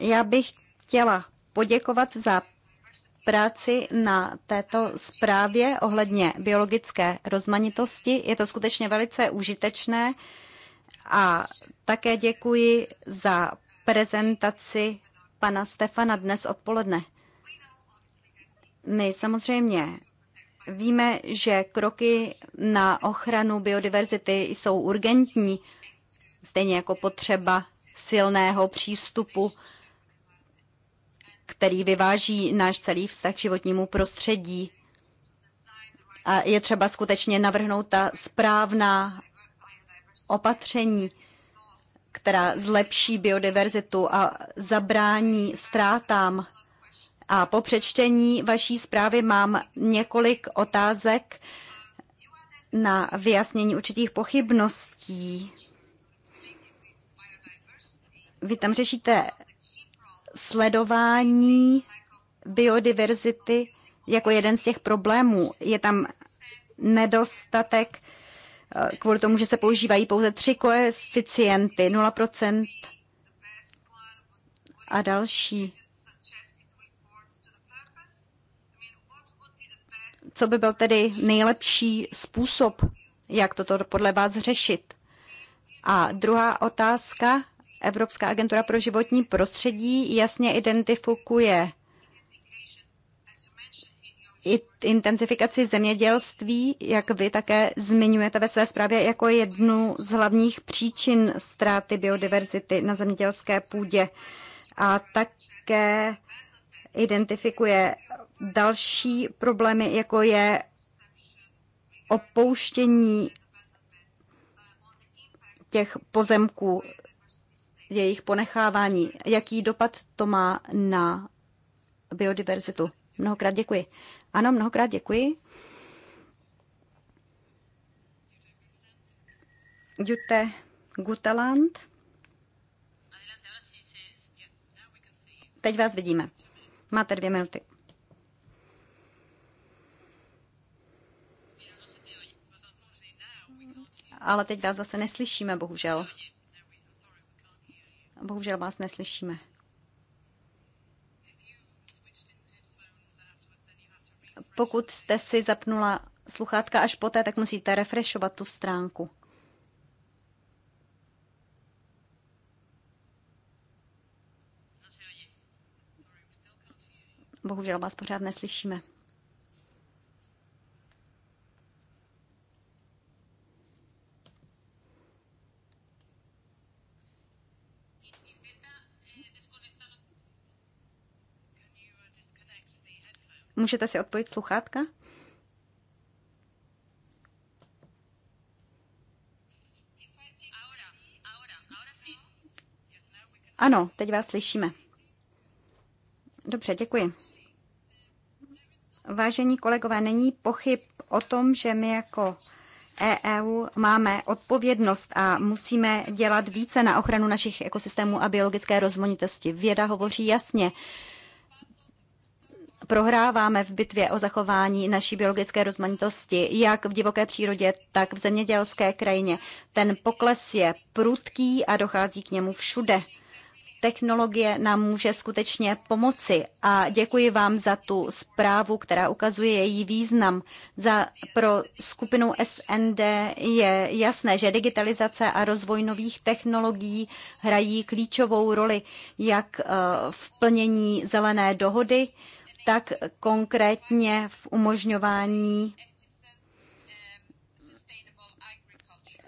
Já bych chtěla poděkovat za práci na této zprávě ohledně biologické rozmanitosti. Je to skutečně velice užitečné a také děkuji za prezentaci pana Stefana dnes odpoledne. My samozřejmě Víme, že kroky na ochranu biodiverzity jsou urgentní, stejně jako potřeba silného přístupu, který vyváží náš celý vztah k životnímu prostředí. A je třeba skutečně navrhnout ta správná opatření, která zlepší biodiverzitu a zabrání ztrátám a po přečtení vaší zprávy mám několik otázek na vyjasnění určitých pochybností. Vy tam řešíte sledování biodiverzity jako jeden z těch problémů. Je tam nedostatek eh, kvůli tomu, že se používají pouze tři koeficienty, 0% a další. co by byl tedy nejlepší způsob, jak toto podle vás řešit? A druhá otázka. Evropská agentura pro životní prostředí jasně identifikuje intenzifikaci zemědělství, jak vy také zmiňujete ve své zprávě, jako jednu z hlavních příčin ztráty biodiverzity na zemědělské půdě. A také identifikuje další problémy, jako je opouštění těch pozemků, jejich ponechávání. Jaký dopad to má na biodiverzitu? Mnohokrát děkuji. Ano, mnohokrát děkuji. Jute Gutaland. Teď vás vidíme. Máte dvě minuty. ale teď vás zase neslyšíme, bohužel. Bohužel vás neslyšíme. Pokud jste si zapnula sluchátka až poté, tak musíte refreshovat tu stránku. Bohužel vás pořád neslyšíme. Můžete si odpojit sluchátka? Ano, teď vás slyšíme. Dobře, děkuji. Vážení kolegové, není pochyb o tom, že my jako EU e máme odpovědnost a musíme dělat více na ochranu našich ekosystémů a biologické rozmanitosti. Věda hovoří jasně prohráváme v bitvě o zachování naší biologické rozmanitosti, jak v divoké přírodě, tak v zemědělské krajině. Ten pokles je prudký a dochází k němu všude. Technologie nám může skutečně pomoci a děkuji vám za tu zprávu, která ukazuje její význam. Za, pro skupinu SND je jasné, že digitalizace a rozvoj nových technologií hrají klíčovou roli jak eh, v plnění zelené dohody, tak konkrétně v umožňování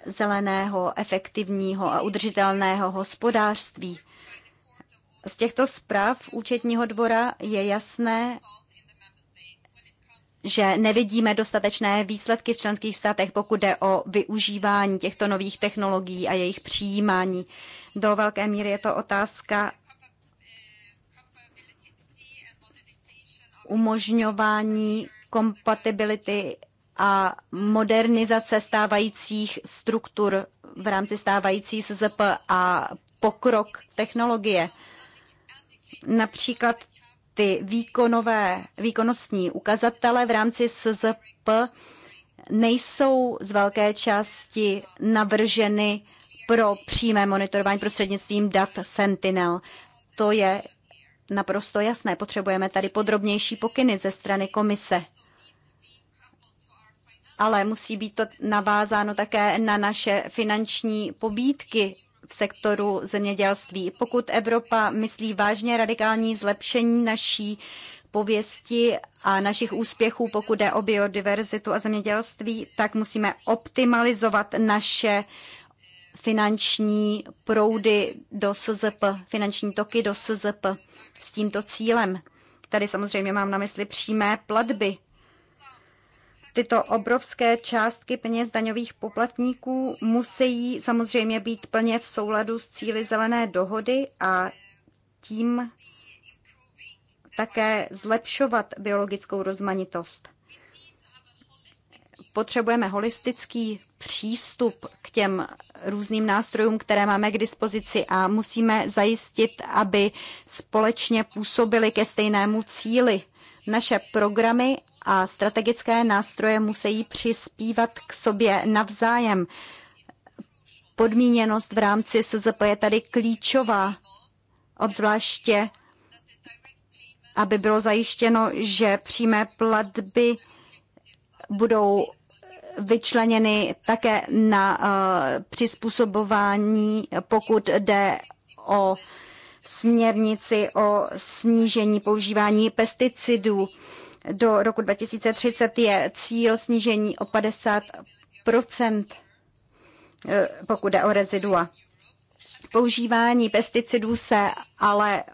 zeleného, efektivního a udržitelného hospodářství. Z těchto zpráv účetního dvora je jasné, že nevidíme dostatečné výsledky v členských státech, pokud jde o využívání těchto nových technologií a jejich přijímání. Do velké míry je to otázka umožňování kompatibility a modernizace stávajících struktur v rámci stávající SZP a pokrok technologie. Například ty výkonové, výkonnostní ukazatele v rámci SZP nejsou z velké části navrženy pro přímé monitorování prostřednictvím dat Sentinel. To je naprosto jasné. Potřebujeme tady podrobnější pokyny ze strany komise. Ale musí být to navázáno také na naše finanční pobídky v sektoru zemědělství. Pokud Evropa myslí vážně radikální zlepšení naší pověsti a našich úspěchů, pokud jde o biodiverzitu a zemědělství, tak musíme optimalizovat naše finanční proudy do SZP, finanční toky do SZP s tímto cílem. Tady samozřejmě mám na mysli přímé platby. Tyto obrovské částky peněz daňových poplatníků musí samozřejmě být plně v souladu s cíly zelené dohody a tím také zlepšovat biologickou rozmanitost potřebujeme holistický přístup k těm různým nástrojům, které máme k dispozici a musíme zajistit, aby společně působili ke stejnému cíli. Naše programy a strategické nástroje musí přispívat k sobě navzájem. Podmíněnost v rámci SZP je tady klíčová, obzvláště aby bylo zajištěno, že přímé platby budou vyčleněny také na eh, přizpůsobování, pokud jde o směrnici o snížení používání pesticidů. Do roku 2030 je cíl snížení o 50 eh, pokud jde o rezidua. Používání pesticidů se ale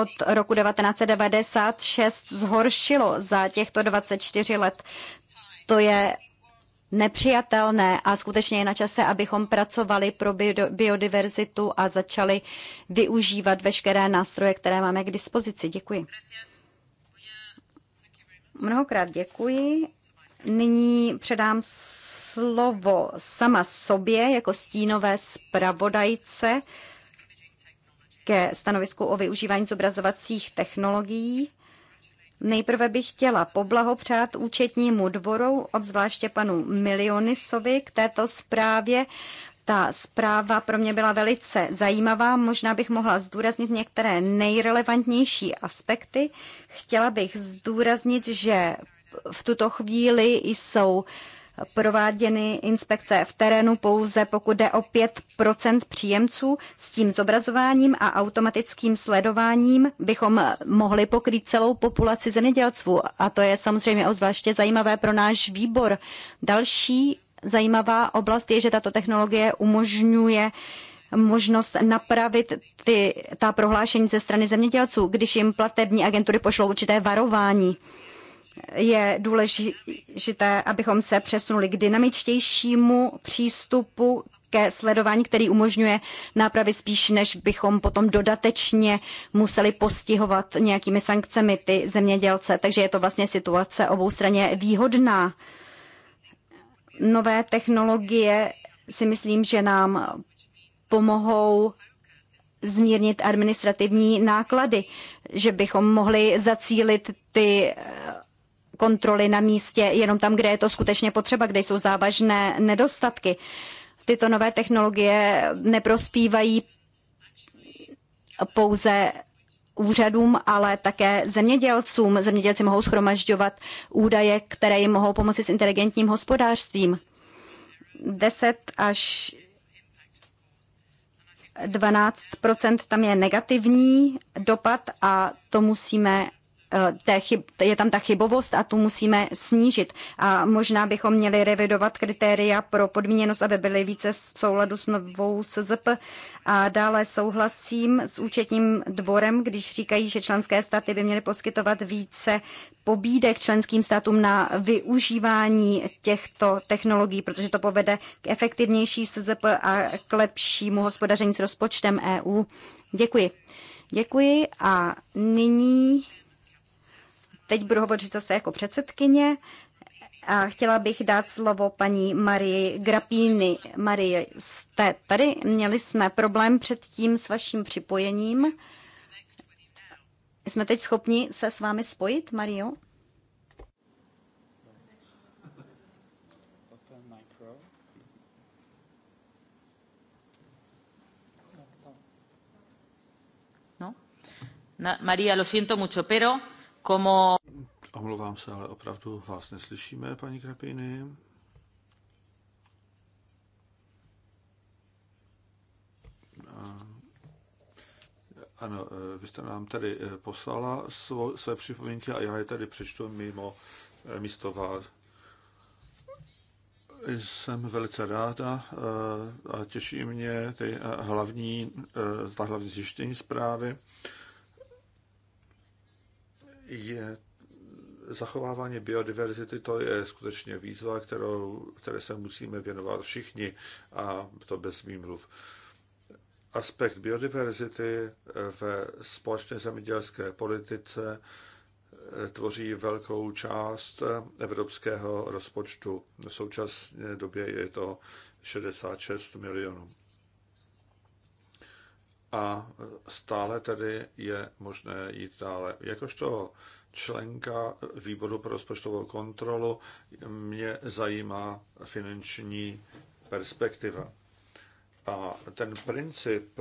od roku 1996 zhoršilo za těchto 24 let. To je nepřijatelné a skutečně je na čase, abychom pracovali pro biodiverzitu a začali využívat veškeré nástroje, které máme k dispozici. Děkuji. Mnohokrát děkuji. Nyní předám slovo sama sobě jako stínové zpravodajce ke stanovisku o využívání zobrazovacích technologií. Nejprve bych chtěla poblahopřát účetnímu dvoru, obzvláště panu Milionisovi k této zprávě. Ta zpráva pro mě byla velice zajímavá, možná bych mohla zdůraznit některé nejrelevantnější aspekty. Chtěla bych zdůraznit, že v tuto chvíli jsou uh, prováděny inspekce v terénu pouze pokud jde o 5 příjemců. S tím zobrazováním a automatickým sledováním bychom mohli pokrýt celou populaci zemědělců. A to je samozřejmě obzvláště zajímavé pro náš výbor. Další zajímavá oblast je, že tato technologie umožňuje možnost napravit ty, ta prohlášení ze strany zemědělců, když jim platební agentury pošlou určité varování je důležité, abychom se přesunuli k dynamičtějšímu přístupu ke sledování, který umožňuje nápravy spíš, než bychom potom dodatečně museli postihovat nějakými sankcemi ty zemědělce. Takže je to vlastně situace obou straně výhodná. Nové technologie si myslím, že nám pomohou zmírnit administrativní náklady, že bychom mohli zacílit ty kontroly na místě, jenom tam, kde je to skutečně potřeba, kde jsou závažné nedostatky. Tyto nové technologie neprospívají pouze úřadům, ale také zemědělcům. Zemědělci mohou schromažďovat údaje, které jim mohou pomoci s inteligentním hospodářstvím. 10 až 12 tam je negativní dopad a to musíme Eh, té chyb, je tam ta chybovost a tu musíme snížit. A možná bychom měli revidovat kritéria pro podmíněnost, aby byly více v souladu s novou SZP. A dále souhlasím s účetním dvorem, když říkají, že členské státy by měly poskytovat více pobídek členským státům na využívání těchto technologií, protože to povede k efektivnější SZP a k lepšímu hospodaření s rozpočtem EU. Děkuji. Děkuji a nyní Teď budu hovořit zase jako předsedkyně a chtěla bych dát slovo paní Marii Grapíny. Marie, jste tady? Měli jsme problém předtím s vaším připojením. Jsme teď schopni se s vámi spojit, Mario? No. Maria, lo siento mucho, pero como... Omlouvám se, ale opravdu vás neslyšíme, paní Krapiny. Ano, eh, vy jste nám tady eh, poslala své připomínky a já je tady přečtu mimo eh, místo vás. Jsem velice ráda a těší mě ty hlavní, ta hlavní zjištění zprávy je zachovávání biodiverzity to je skutečně výzva, kterou, které se musíme věnovat všichni a to bez výmluv. Aspekt biodiverzity ve společné zemědělské politice eh, tvoří velkou část eh, evropského rozpočtu. V současné době je to 66 milionů a stále tedy je možné jít dále. Jakožto členka výboru pro rozpočtovou kontrolu mě zajímá finanční perspektiva. A ten princip,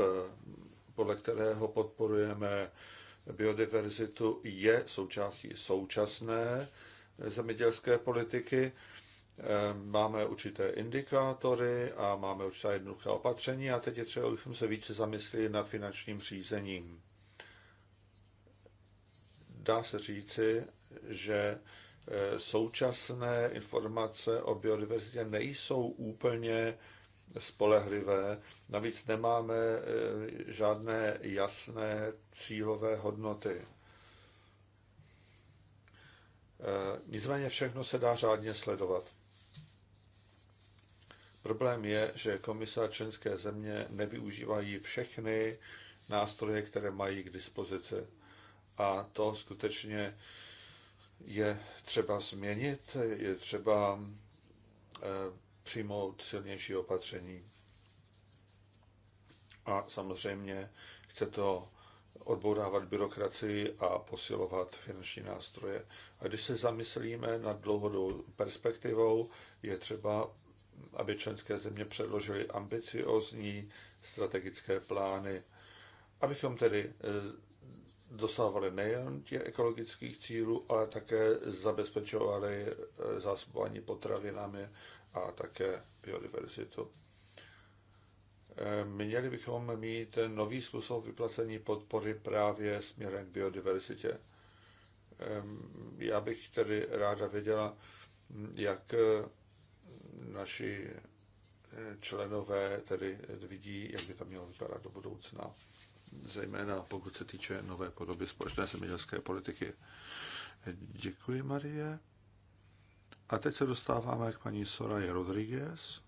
podle kterého podporujeme biodiverzitu, je součástí současné zemědělské politiky Ehm, máme určité indikátory a máme určitá jednoduché opatření a teď je třeba, abychom se více zamysleli nad finančním řízením. Dá se říci, že eh, současné informace o biodiverzitě nejsou úplně spolehlivé. Navíc nemáme eh, žádné jasné cílové hodnoty. Eh, nicméně všechno se dá řádně sledovat. Problém je, že komise a členské země nevyužívají všechny nástroje, které mají k dispozici. A to skutečně je třeba změnit, je třeba eh, přijmout silnější opatření. A samozřejmě chce to odbourávat byrokracii a posilovat finanční nástroje. A když se zamyslíme nad dlouhodobou perspektivou, je třeba aby členské země předložily ambiciozní strategické plány, abychom tedy eh, dosahovali nejen těch ekologických cílů, ale také zabezpečovali eh, zásobování potravinami a také biodiverzitu. Eh, měli bychom mít nový způsob vyplacení podpory právě směrem k biodiverzitě. Já bych tedy ráda věděla, jak naši eh, členové tedy vidí, jak by to mělo vypadat do budoucna, zejména pokud se týče nové podoby společné zemědělské politiky. Děkuji, Marie. A teď se dostáváme k paní Soraya Rodriguez.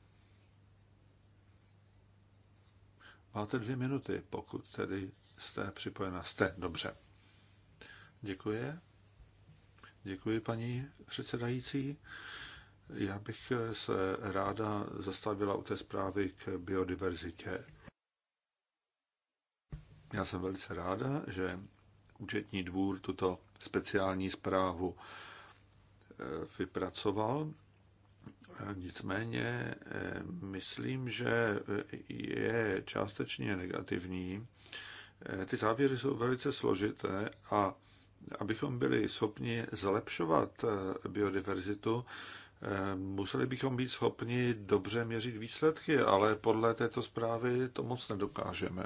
Máte dvě minuty, pokud tedy jste připojena. Jste, dobře. Děkuji. Děkuji, paní předsedající. Já bych se ráda zastavila u té zprávy k biodiverzitě. Já jsem velice ráda, že účetní dvůr tuto speciální zprávu eh, vypracoval. Nicméně eh, myslím, že eh, je částečně negativní. Ty závěry jsou velice složité a abychom byli schopni zlepšovat biodiverzitu, Eh, museli bychom být schopni dobře měřit výsledky, ale podle této zprávy to moc nedokážeme.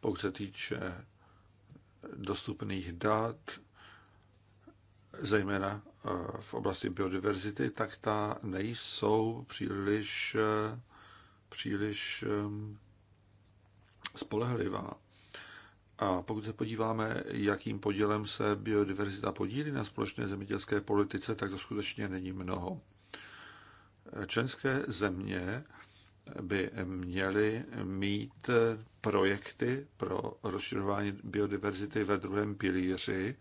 Pokud se týče dostupných dat, zejména eh, v oblasti biodiverzity, tak ta nejsou příliš, eh, příliš spolehlivá. A pokud se podíváme, jakým podílem se biodiverzita podílí na společné zemědělské politice, tak to skutečně není mnoho. Členské země by měly mít projekty pro rozširování biodiverzity ve druhém pilíři.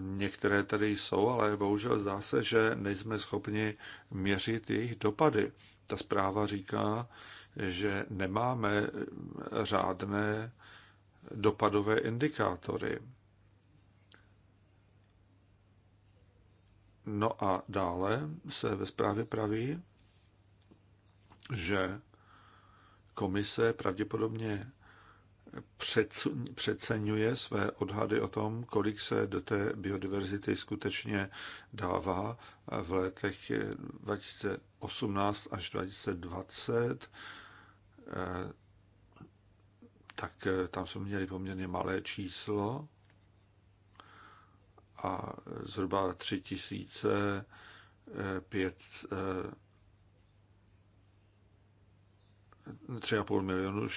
Některé tady jsou, ale bohužel zdá se, že nejsme schopni měřit jejich dopady. Ta zpráva říká, že nemáme řádné dopadové indikátory. No a dále se ve zprávě praví, že komise pravděpodobně přeceňuje své odhady o tom, kolik se do té biodiverzity skutečně dává v letech 2018 až 2020 tak eh, tam jsme měli poměrně malé číslo a zhruba tři tisíce eh, pět eh, tři a půl milionu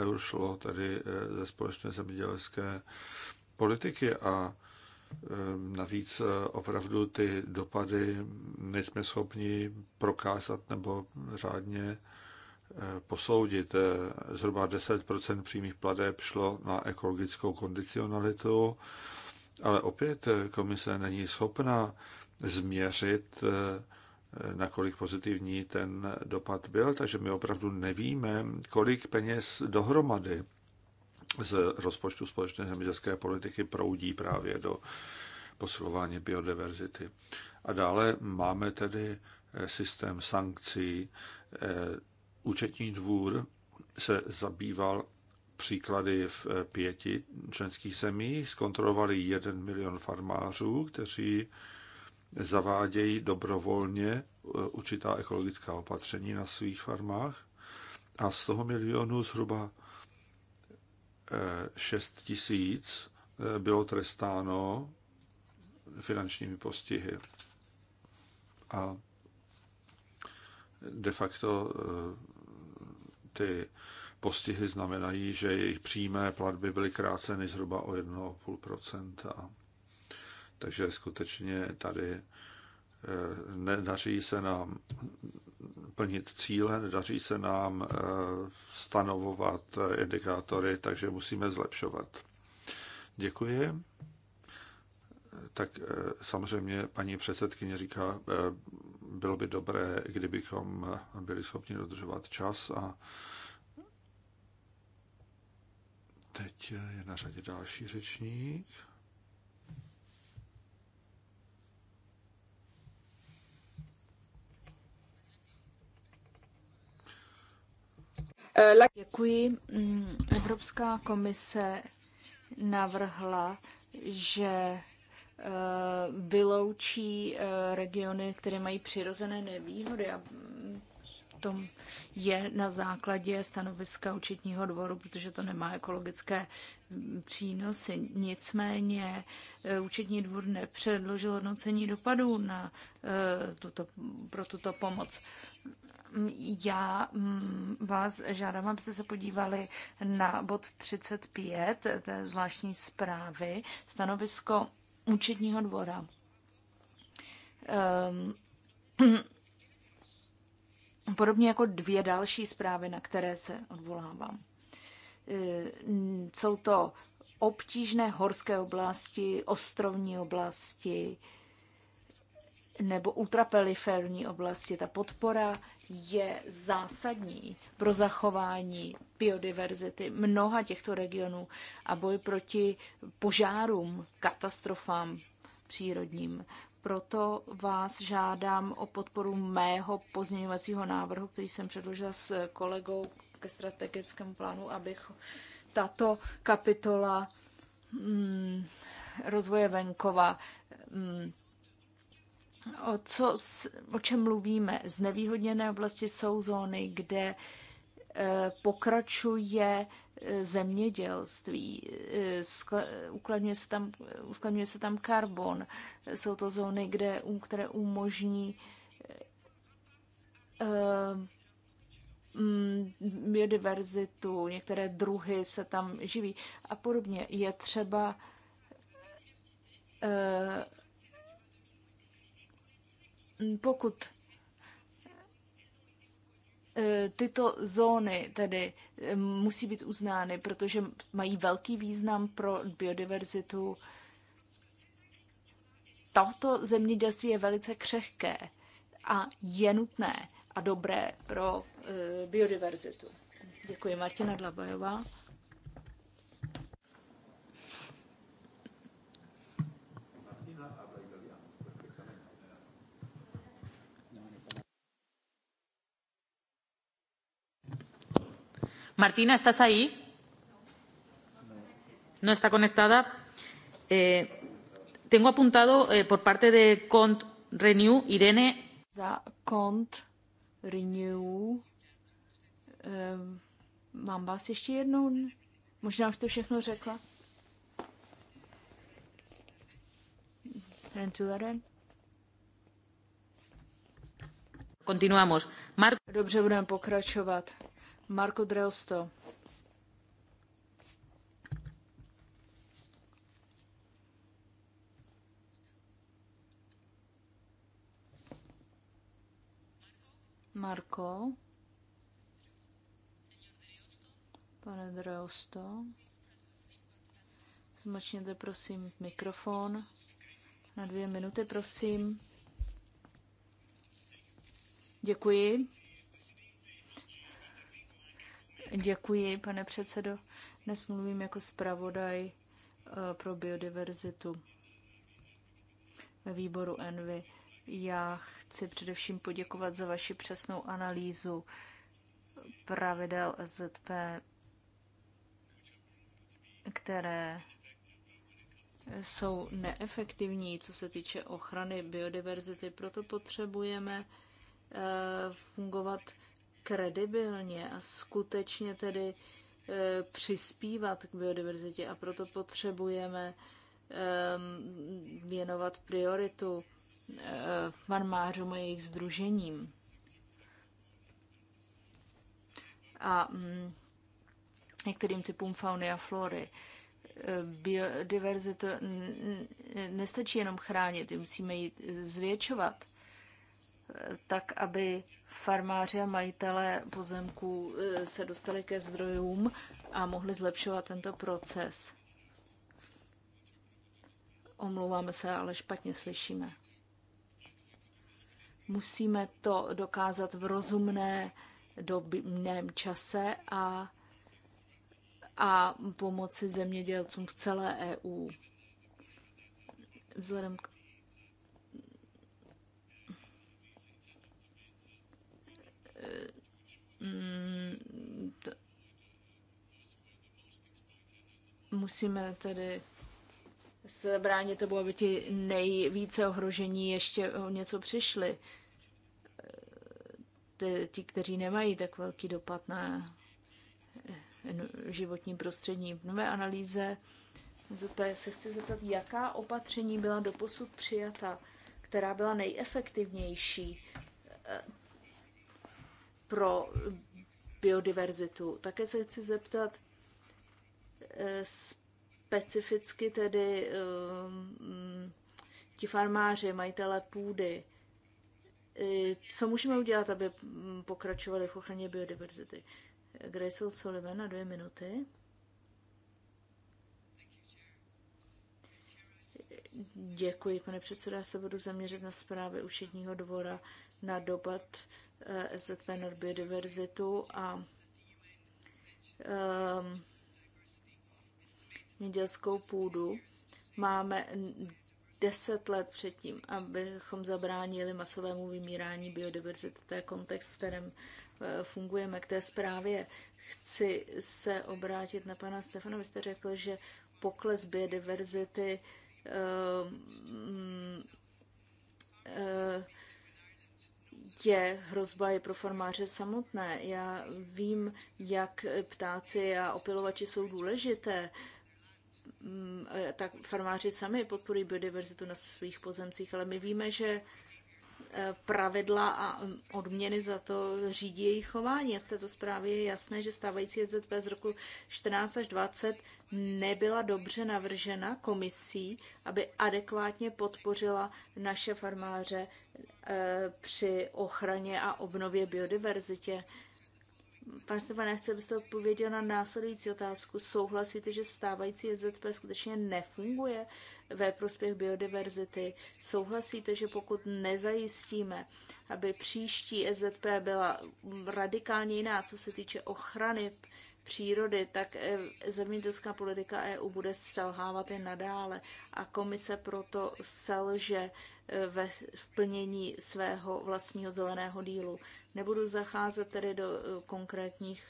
eur šlo tady ze společné zemědělské politiky a navíc opravdu ty dopady nejsme schopni prokázat nebo řádně Eh, posoudit. Eh, zhruba 10 přímých pladeb šlo na ekologickou kondicionalitu, ale opět eh, komise není schopna změřit, nakolik pozitivní ten dopad byl, takže my opravdu nevíme, kolik peněz dohromady z rozpočtu společné zemědělské politiky proudí právě do posilování biodiverzity. A dále máme tedy systém sankcí, Účetní dvůr se zabýval příklady v eh, pěti členských zemích, zkontrolovali jeden milion farmářů, kteří zavádějí dobrovolně eh, určitá ekologická opatření na svých farmách a z toho milionu zhruba 6 eh, tisíc bylo trestáno finančními postihy. A de facto ty postihy znamenají, že jejich přímé platby byly kráceny zhruba o 1,5%. Takže skutečně tady eh, nedaří se nám plnit cíle, nedaří se nám eh, stanovovat eh, indikátory, takže musíme zlepšovat. Děkuji. Tak samozřejmě paní předsedkyně říká, bylo by dobré, kdybychom byli schopni dodržovat čas a teď je na řadě další řečník. Eh, Děkuji. Mm, Evropská komise navrhla, že Eh, vyloučí eh, regiony, které mají přirozené nevýhody a mm, to je na základě stanoviska účetního dvoru, protože to nemá ekologické mm, přínosy. Nicméně eh, účetní dvůr nepředložil hodnocení dopadů na tuto, pro tuto pomoc. Já mm, vás žádám, abyste se podívali na bod 35 té zvláštní zprávy. Stanovisko účetního dvora. Um, (clears throat) podobně jako dvě další zprávy, na které se odvolávám. E, jsou to obtížné horské oblasti, ostrovní oblasti nebo ultrapeliferní oblasti. Ta podpora je zásadní pro zachování biodiverzity mnoha těchto regionů a boj proti požárům, katastrofám přírodním. Proto vás žádám o podporu mého pozměňovacího návrhu, který jsem předložila s kolegou ke strategickému plánu, abych tato kapitola mm, rozvoje venkova mm, o, co, o čem mluvíme. Znevýhodněné oblasti jsou zóny, kde e, pokračuje e, zemědělství, e, ukladňuje se tam, ukladňuje se tam karbon. Jsou to zóny, kde, které umožní mm, biodiverzitu, některé druhy se tam živí a podobně. Je třeba Mm, pokud eh, tyto zóny tedy eh, musí být uznány, protože mají velký význam pro biodiverzitu. Toto zemědělství je velice křehké a je nutné a dobré pro eh, biodiverzitu. Děkuji, Martina Dlabajová. Martina, ¿estás ahí? No está conectada. Eh, tengo apuntado eh, por parte de Cont Renew, Irene. Za Cont Renew. Eh, mám vás ještě jednou? Možná už to všechno řekla. Rentularen. Continuamos. Mar- Dobře, budeme pokračovat. Marco Dreosto. Marko. Pane Dreosto. Zmočněte prosím mikrofon. Na dvě minuty, prosím. Děkuji. Děkuji, pane předsedo. Dnes mluvím jako zpravodaj eh, pro biodiverzitu ve výboru Envy. Já chci především poděkovat za vaši přesnou analýzu pravidel SZP, které jsou neefektivní, co se týče ochrany biodiverzity. Proto potřebujeme eh, fungovat kredibilně a skutečně tedy e, přispívat k biodiverzitě a proto potřebujeme věnovat prioritu e, farmářům a jejich združením. A mm, některým typům fauny a flory. E, biodiverzitu nestačí jenom chránit, musíme ji zvětšovat tak, aby farmáři a majitelé pozemků eh, se dostali ke zdrojům a mohli zlepšovat tento proces. Omlouváme se, ale špatně slyšíme. Musíme to dokázat v rozumné dobném čase a, a pomoci zemědělcům v celé EU. Vzhledem k Mm, musíme tedy bránit tomu, aby ti nejvíce ohrožení ještě o něco přišli. E, ti, kteří nemají tak velký dopad na e, no, životní prostředí. V nové analýze se chci zeptat, jaká opatření byla doposud přijata, která byla nejefektivnější e, pro biodiverzitu. Také se chci zeptat eh, specificky tedy eh, ti farmáři, majitele půdy, eh, co můžeme udělat, aby pokračovali v ochraně biodiverzity? Grace Sullivan na dvě minuty. Děkuji, pane předsedo. Já se budu zaměřit na zprávy Ušedního dvora na dopad eh, SZP na biodiverzitu a ehm, zemědělskou půdu. Máme deset let předtím, abychom zabránili masovému vymírání biodiverzity. To je kontext, v kterém eh, fungujeme. K té zprávě chci se obrátit na pana Stefana. Vy jste řekl, že pokles biodiverzity ehm, mm, eh, je hrozba je pro farmáře samotné. Já vím, jak ptáci a opilovači jsou důležité. Mm, eh, tak farmáři sami podporují biodiverzitu na svých pozemcích, ale my víme, že pravidla a odměny za to řídí jejich chování. A z této zprávy je jasné, že stávající EZP z roku 14 až 20 nebyla dobře navržena komisí, aby adekvátně podpořila naše farmáře eh, při ochraně a obnově biodiverzitě. Pán Stefane, chci, abyste odpověděl na následující otázku. Souhlasíte, že stávající EZP skutečně nefunguje ve prospěch biodiverzity? Souhlasíte, že pokud nezajistíme, aby příští EZP byla radikálně jiná, co se týče ochrany přírody, tak eh, zemědělská politika EU bude selhávat i nadále a komise proto selže eh, ve plnění svého vlastního zeleného dílu. Nebudu zacházet tedy do eh, konkrétních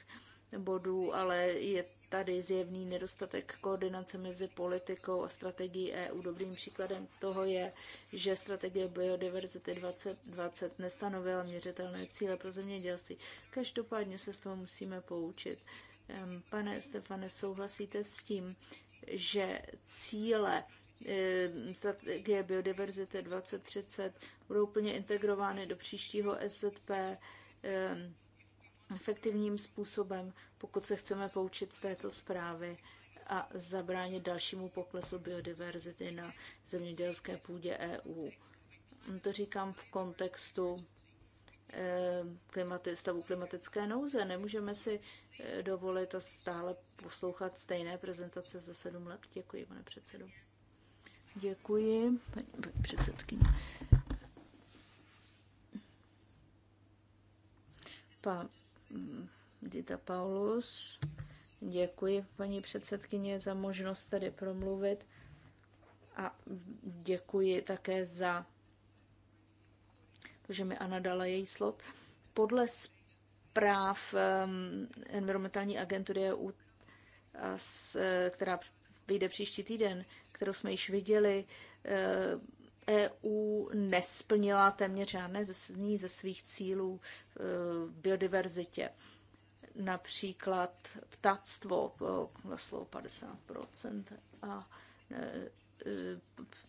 bodů, ale je tady zjevný nedostatek koordinace mezi politikou a strategií EU. Dobrým příkladem toho je, že strategie biodiverzity 2020 nestanovila měřitelné cíle pro zemědělství. Každopádně se z toho musíme poučit. Pane Stefane, souhlasíte s tím, že cíle strategie biodiverzity 2030 budou plně integrovány do příštího SZP efektivním způsobem, pokud se chceme poučit z této zprávy a zabránit dalšímu poklesu biodiverzity na zemědělské půdě EU. To říkám v kontextu Eh, klimati- stavu klimatické nouze. Nemůžeme si eh, dovolit a stále poslouchat stejné prezentace za sedm let. Děkuji, pane předsedo. Děkuji, paní, paní předsedkyně. Pa, Dita Paulus, děkuji, paní předsedkyně, za možnost tady promluvit a děkuji také za protože mi Anna dala její slot. Podle zpráv um, environmentální agentury EU, s, e, která vyjde příští týden, kterou jsme již viděli, EU e nesplnila téměř žádné ze, ze svých cílů e, v biodiverzitě. Například ptactvo kleslo 50% a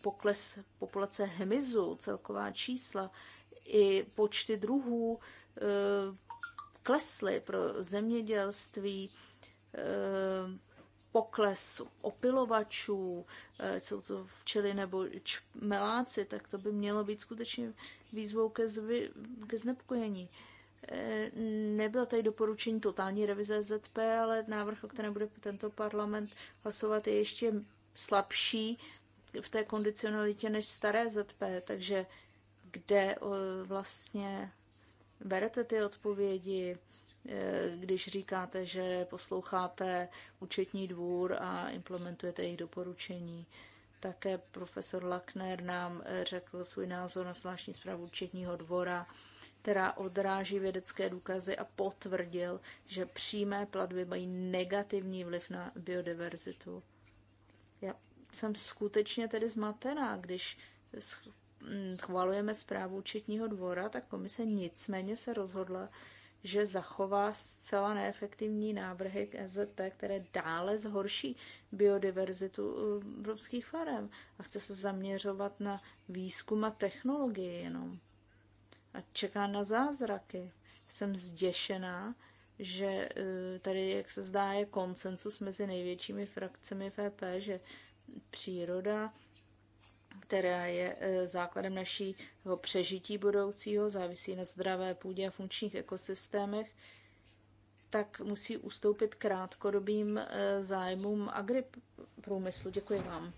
pokles populace hmyzu, celková čísla i počty druhů eh, klesly pro zemědělství, eh, pokles opilovačů, eh, jsou to včely nebo čmeláci, tak to by mělo být skutečně výzvou ke, zvy, ke znepokojení. Nebylo tady doporučení totální revize ZP, ale návrh, o kterém bude tento parlament hlasovat, je ještě slabší v té kondicionalitě než staré ZP, takže kde eh, vlastně berete ty odpovědi, eh, když říkáte, že posloucháte účetní dvůr a implementujete jejich doporučení. Také profesor Lackner nám eh, řekl svůj názor na zvláštní zprávu účetního dvora, která odráží vědecké důkazy a potvrdil, že přímé platby mají negativní vliv na biodiverzitu. Já jsem skutečně tedy zmatená, když Mm, chvalujeme zprávu účetního dvora, tak komise nicméně se rozhodla, že zachová zcela neefektivní návrhy k SZP, které dále zhorší biodiverzitu uh, evropských farem a chce se zaměřovat na výzkum a technologii jenom. A čeká na zázraky. Jsem zděšená, že uh, tady, jak se zdá, je konsensus mezi největšími frakcemi FP, že příroda která je e, základem našího přežití budoucího, závisí na zdravé půdě a funkčních ekosystémech, tak musí ustoupit krátkodobým e, zájmům agriprůmyslu. Děkuji vám.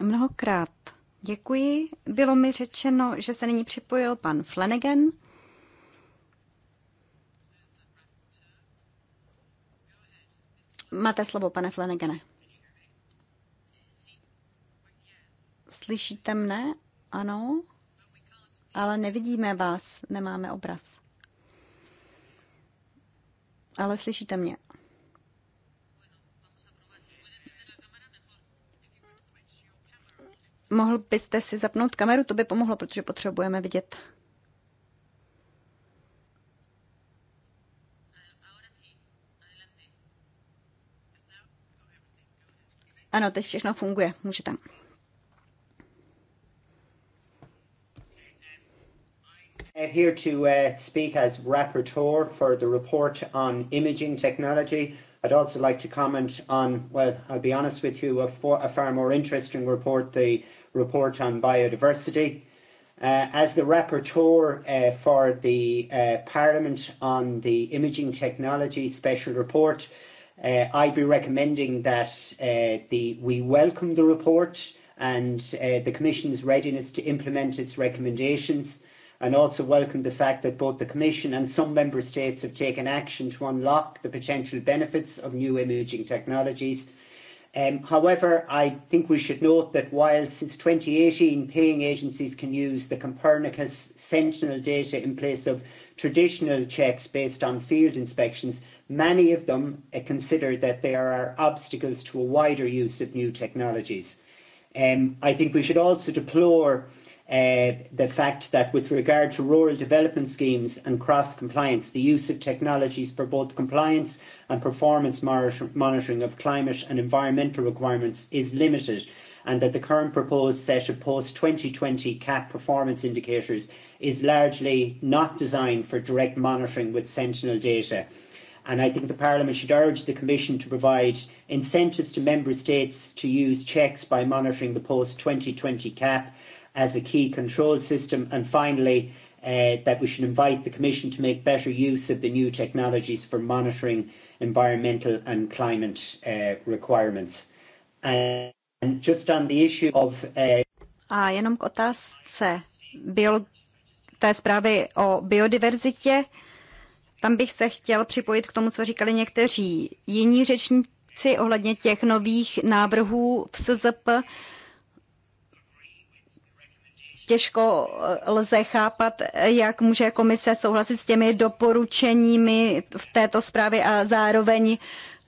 Mnohokrát děkuji. Bylo mi řečeno, že se nyní připojil pan Flanagan. Máte slovo, pane Flanagane. Slyšíte mne? Ano? Ale nevidíme vás, nemáme obraz. Ale slyšíte mě. Mohl byste si zapnout kameru, to by pomohlo, protože potřebujeme vidět. Ano, teď všechno funguje, můžete. I'm uh, here to uh, speak as rapporteur for the report on imaging technology. I'd also like to comment on, well, I'll be honest with you, a, for, a far more interesting report, the report on biodiversity. Uh, as the rapporteur uh, for the uh, Parliament on the Imaging Technology Special Report, uh, I'd be recommending that uh, the, we welcome the report and uh, the Commission's readiness to implement its recommendations and also welcome the fact that both the Commission and some Member States have taken action to unlock the potential benefits of new imaging technologies. Um, however, I think we should note that while since 2018 paying agencies can use the Copernicus Sentinel data in place of traditional checks based on field inspections, many of them uh, consider that there are obstacles to a wider use of new technologies. Um, I think we should also deplore Eh, the fact that with regard to rural development schemes and cross compliance, the use of technologies for both compliance and performance monitoring of climate and environmental requirements is limited, and that the current proposed set of post 2020 CAP performance indicators is largely not designed for direct monitoring with Sentinel data. And I think the Parliament should urge the Commission to provide incentives to Member States to use checks by monitoring the post 2020 CAP as a key control system. And finally, uh, that we should invite the Commission to make better use of the new technologies for monitoring environmental and climate uh, requirements. and just on the issue of... Uh... A jenom k otázce biolo- té zprávy o biodiverzitě, tam bych se chtěl připojit k tomu, co říkali někteří jiní řečníci ohledně těch nových návrhů v SZP. Uh, těžko eh, lze chápat, eh, jak může komise souhlasit s těmi doporučeními v této zprávě a zároveň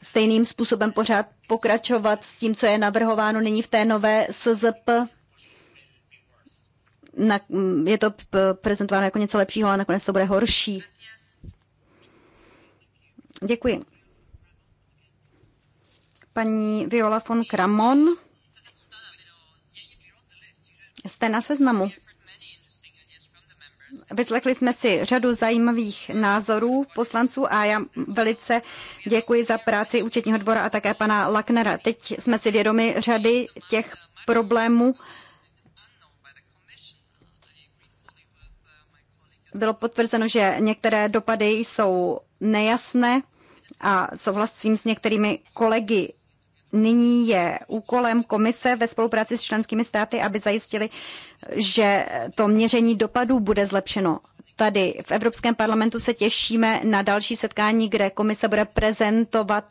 stejným způsobem pořád pokračovat s tím, co je navrhováno nyní v té nové SZP. Na, mm, je to prezentováno jako něco lepšího, ale nakonec to bude horší. Děkuji. Paní Viola von Kramon jste na seznamu. Vyslechli jsme si řadu zajímavých názorů poslanců a já velice děkuji za práci účetního dvora a také pana Laknera. Teď jsme si vědomi řady těch problémů. Bylo potvrzeno, že některé dopady jsou nejasné a souhlasím s některými kolegy Nyní je úkolem komise ve spolupráci s členskými státy, aby zajistili, že to měření dopadů bude zlepšeno. Tady v Evropském parlamentu se těšíme na další setkání, kde komise bude prezentovat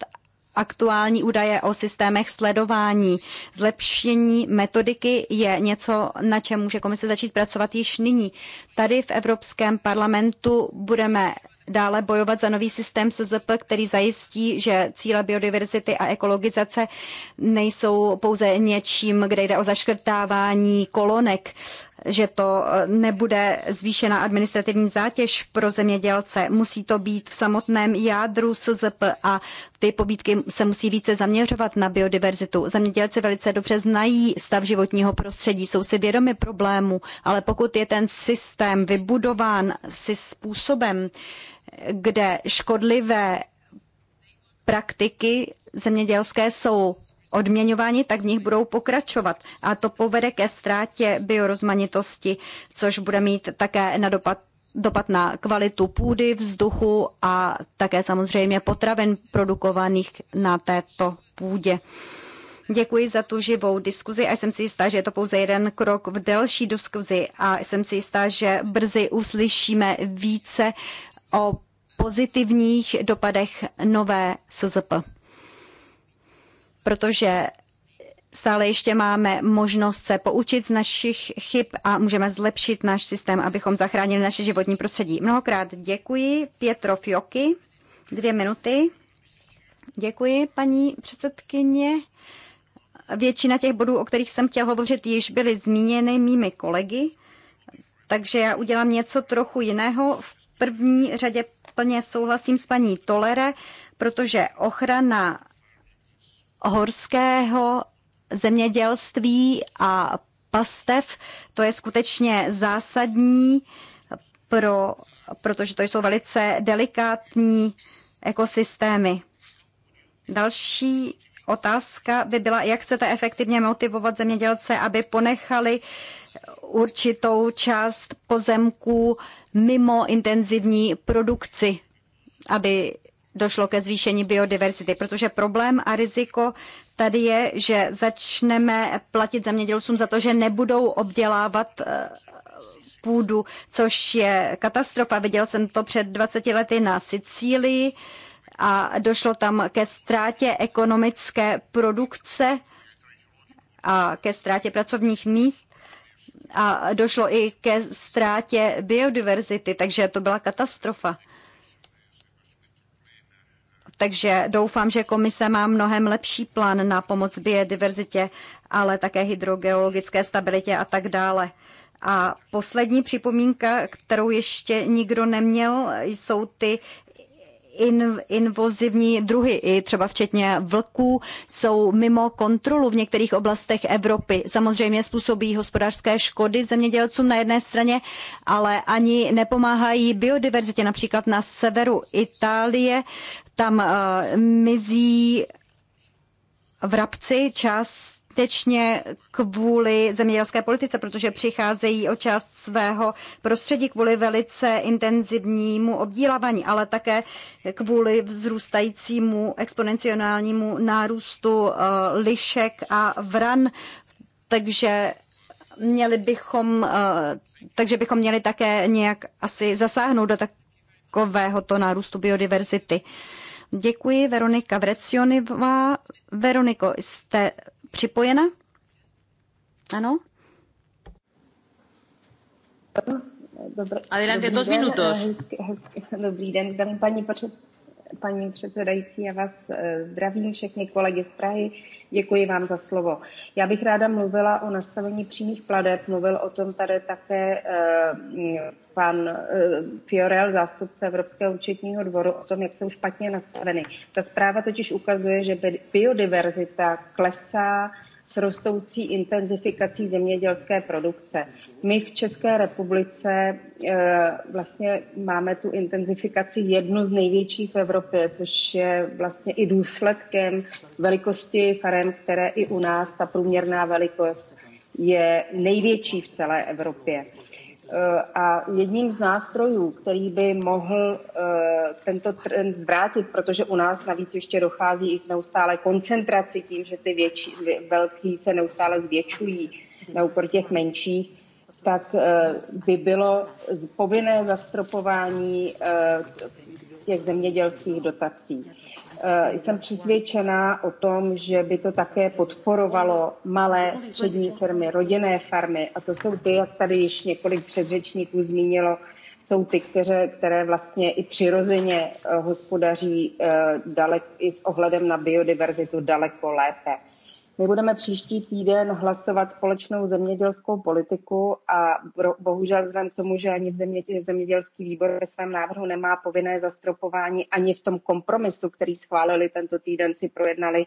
aktuální údaje o systémech sledování. Zlepšení metodiky je něco, na čem může komise začít pracovat již nyní. Tady v Evropském parlamentu budeme dále bojovat za nový systém SZP, který zajistí, že cíle biodiverzity a ekologizace nejsou pouze něčím, kde jde o zaškrtávání kolonek, že to eh, nebude zvýšená administrativní zátěž pro zemědělce. Musí to být v samotném jádru SZP a ty pobídky se musí více zaměřovat na biodiverzitu. Zemědělci velice dobře znají stav životního prostředí, jsou si vědomi problému, ale pokud je ten systém vybudován si způsobem, kde škodlivé praktiky zemědělské jsou odměňováni, tak v nich budou pokračovat. A to povede ke ztrátě biorozmanitosti, což bude mít také na dopad dopad na kvalitu půdy, vzduchu a také samozřejmě potravin produkovaných na této půdě. Děkuji za tu živou diskuzi a jsem si jistá, že je to pouze jeden krok v delší diskuzi a jsem si jistá, že brzy uslyšíme více o pozitivních dopadech nové SZP. Protože stále ještě máme možnost se poučit z našich chyb a můžeme zlepšit náš systém, abychom zachránili naše životní prostředí. Mnohokrát děkuji. Pietro Fioky, dvě minuty. Děkuji, paní předsedkyně. Většina těch bodů, o kterých jsem chtěl hovořit, již byly zmíněny mými kolegy, takže já udělám něco trochu jiného. V první řadě plně souhlasím s paní Tolere, protože ochrana horského zemědělství a pastev, to je skutečně zásadní, pro, protože to jsou velice delikátní ekosystémy. Další otázka by byla, jak chcete efektivně motivovat zemědělce, aby ponechali určitou část pozemků mimo intenzivní produkci, aby došlo ke zvýšení biodiverzity, protože problém a riziko tady je, že začneme platit zemědělcům za to, že nebudou obdělávat eh, půdu, což je katastrofa. Viděl jsem to před 20 lety na Sicílii a došlo tam ke ztrátě ekonomické produkce a ke ztrátě pracovních míst a došlo i ke ztrátě biodiverzity, takže to byla katastrofa. Takže doufám, že komise má mnohem lepší plán na pomoc biodiverzitě, ale také hydrogeologické stabilitě a tak dále. A poslední připomínka, kterou ještě nikdo neměl, jsou ty in, invozivní druhy, i třeba včetně vlků, jsou mimo kontrolu v některých oblastech Evropy. Samozřejmě způsobí hospodářské škody zemědělcům na jedné straně, ale ani nepomáhají biodiverzitě. Například na severu Itálie tam uh, mizí vrabci, část zbytečně kvůli zemědělské politice, protože přicházejí o část svého prostředí kvůli velice intenzivnímu obdílávání, ale také kvůli vzrůstajícímu exponenciálnímu nárůstu eh, lišek a vran. Takže měli bychom, eh, takže bychom měli také nějak asi zasáhnout do takovéhoto nárůstu biodiverzity. Děkuji, Veronika Vrecionová. Veroniko, jste připojena? Ano? Dobrý, Adelante, dobrý dos den, minutos. Hezky, hezky, dobrý den, paní, paní předsedající, já vás eh, zdravím všechny kolegy z Prahy Děkuji vám za slovo. Já bych ráda mluvila o nastavení přímých pladeb. Mluvil o tom tady také eh, pan eh, Fiorel, zástupce Evropského účetního dvoru, o tom, jak jsou špatně nastaveny. Ta zpráva totiž ukazuje, že biodiverzita klesá s rostoucí intenzifikací zemědělské produkce. My v České republice eh, vlastně máme tu intenzifikaci jednu z největších v Evropě, což je vlastně i důsledkem velikosti farem, které i u nás ta průměrná velikost je největší v celé Evropě. A jedním z nástrojů, který by mohl eh, tento trend zvrátit, protože u nás navíc ještě dochází i k neustále koncentraci tím, že ty větší, velký se neustále zvětšují na úkor těch menších, tak eh, by bylo povinné zastropování eh, těch zemědělských dotací. Eh, jsem přesvědčená o tom, že by to také podporovalo malé, střední firmy, rodinné farmy. A to jsou ty, jak tady již několik předřečníků zmínilo, jsou ty, které, které vlastně i přirozeně eh, hospodaří eh, dalek, i s ohledem na biodiverzitu daleko lépe. My budeme příští týden hlasovat společnou zemědělskou politiku a bohužel vzhledem k tomu, že ani v zemědělský výbor ve svém návrhu nemá povinné zastropování, ani v tom kompromisu, který schválili tento týden, si projednali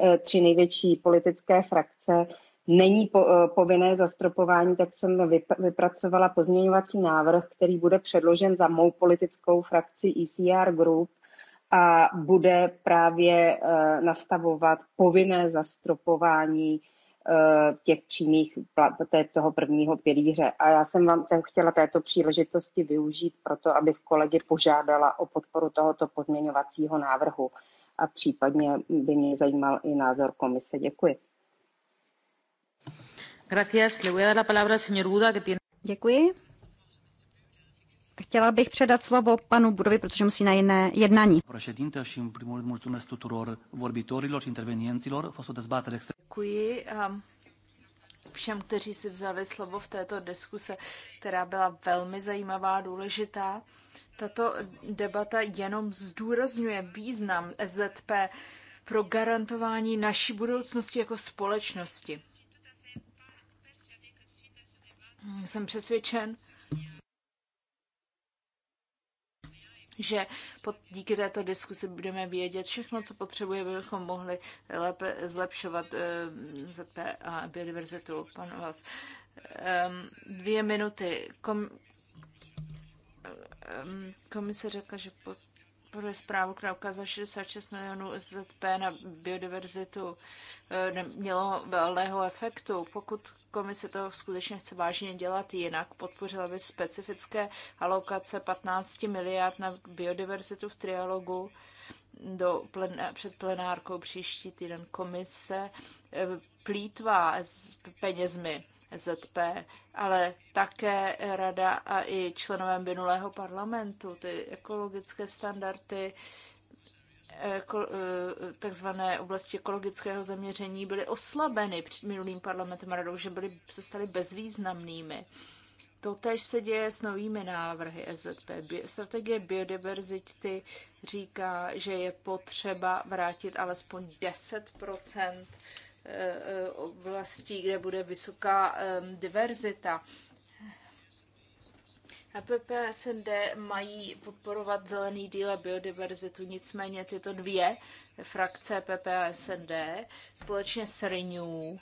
eh, tři největší politické frakce, není po, eh, povinné zastropování, tak jsem vypracovala pozměňovací návrh, který bude předložen za mou politickou frakci ECR Group – a bude právě eh, nastavovat povinné zastropování eh, těch přímých toho prvního pilíře. A já jsem vám chtěla této příležitosti využít proto, abych kolegy požádala o podporu tohoto pozměňovacího návrhu a případně by mě zajímal i názor komise. Děkuji. Gracias. Le voy a dar la palabra al señor Buda, que tiene... Děkuji. Chtěla bych předat slovo panu Budovi, protože musí na jiné jednání. Děkuji ehm, všem, kteří si vzali slovo v této diskuse, která byla velmi zajímavá a důležitá. Tato debata jenom zdůrazňuje význam SZP pro garantování naší budoucnosti jako společnosti. Jsem přesvědčen, že pod, díky této diskusi budeme vědět všechno, co potřebujeme, abychom mohli lépe zlepšovat eh, ZP a biodiverzitu. Pan vás. Um, eh, dvě minuty. Kom, um, komise řekla, že pod podporuje zprávu, která ukázala 66 milionů SZP na biodiverzitu e, mělo velného efektu. Pokud komise to skutečně chce vážně dělat jinak, podpořila by specifické alokace 15 miliard na biodiverzitu v trialogu do plen, před plenárkou příští týden komise e, plítvá s penězmi EZP, ale také rada a i členové minulého parlamentu, ty ekologické standardy, eh, takzvané oblasti ekologického zaměření byly oslabeny před minulým parlamentem a radou, že byly, se staly bezvýznamnými. To tež se děje s novými návrhy EZP. Strategie biodiverzity říká, že je potřeba vrátit alespoň 10 oblastí, kde bude vysoká diverzita. a PPSND mají podporovat zelený díl a biodiverzitu, nicméně tyto dvě frakce PPSND společně s Renew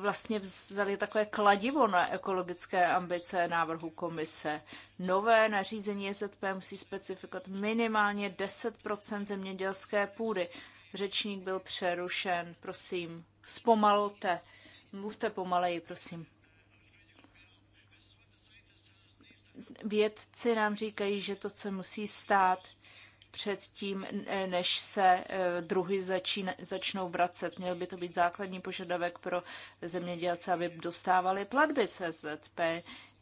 vlastně vzali takové kladivo na ekologické ambice návrhu komise. Nové nařízení SZP musí specifikovat minimálně 10 zemědělské půdy. Řečník byl přerušen, prosím, zpomalte. Mluvte pomaleji, prosím. Vědci nám říkají, že to, co musí stát, předtím, než se e, druhy začín, začnou vracet. Měl by to být základní požadavek pro zemědělce, aby dostávali platby se ZP.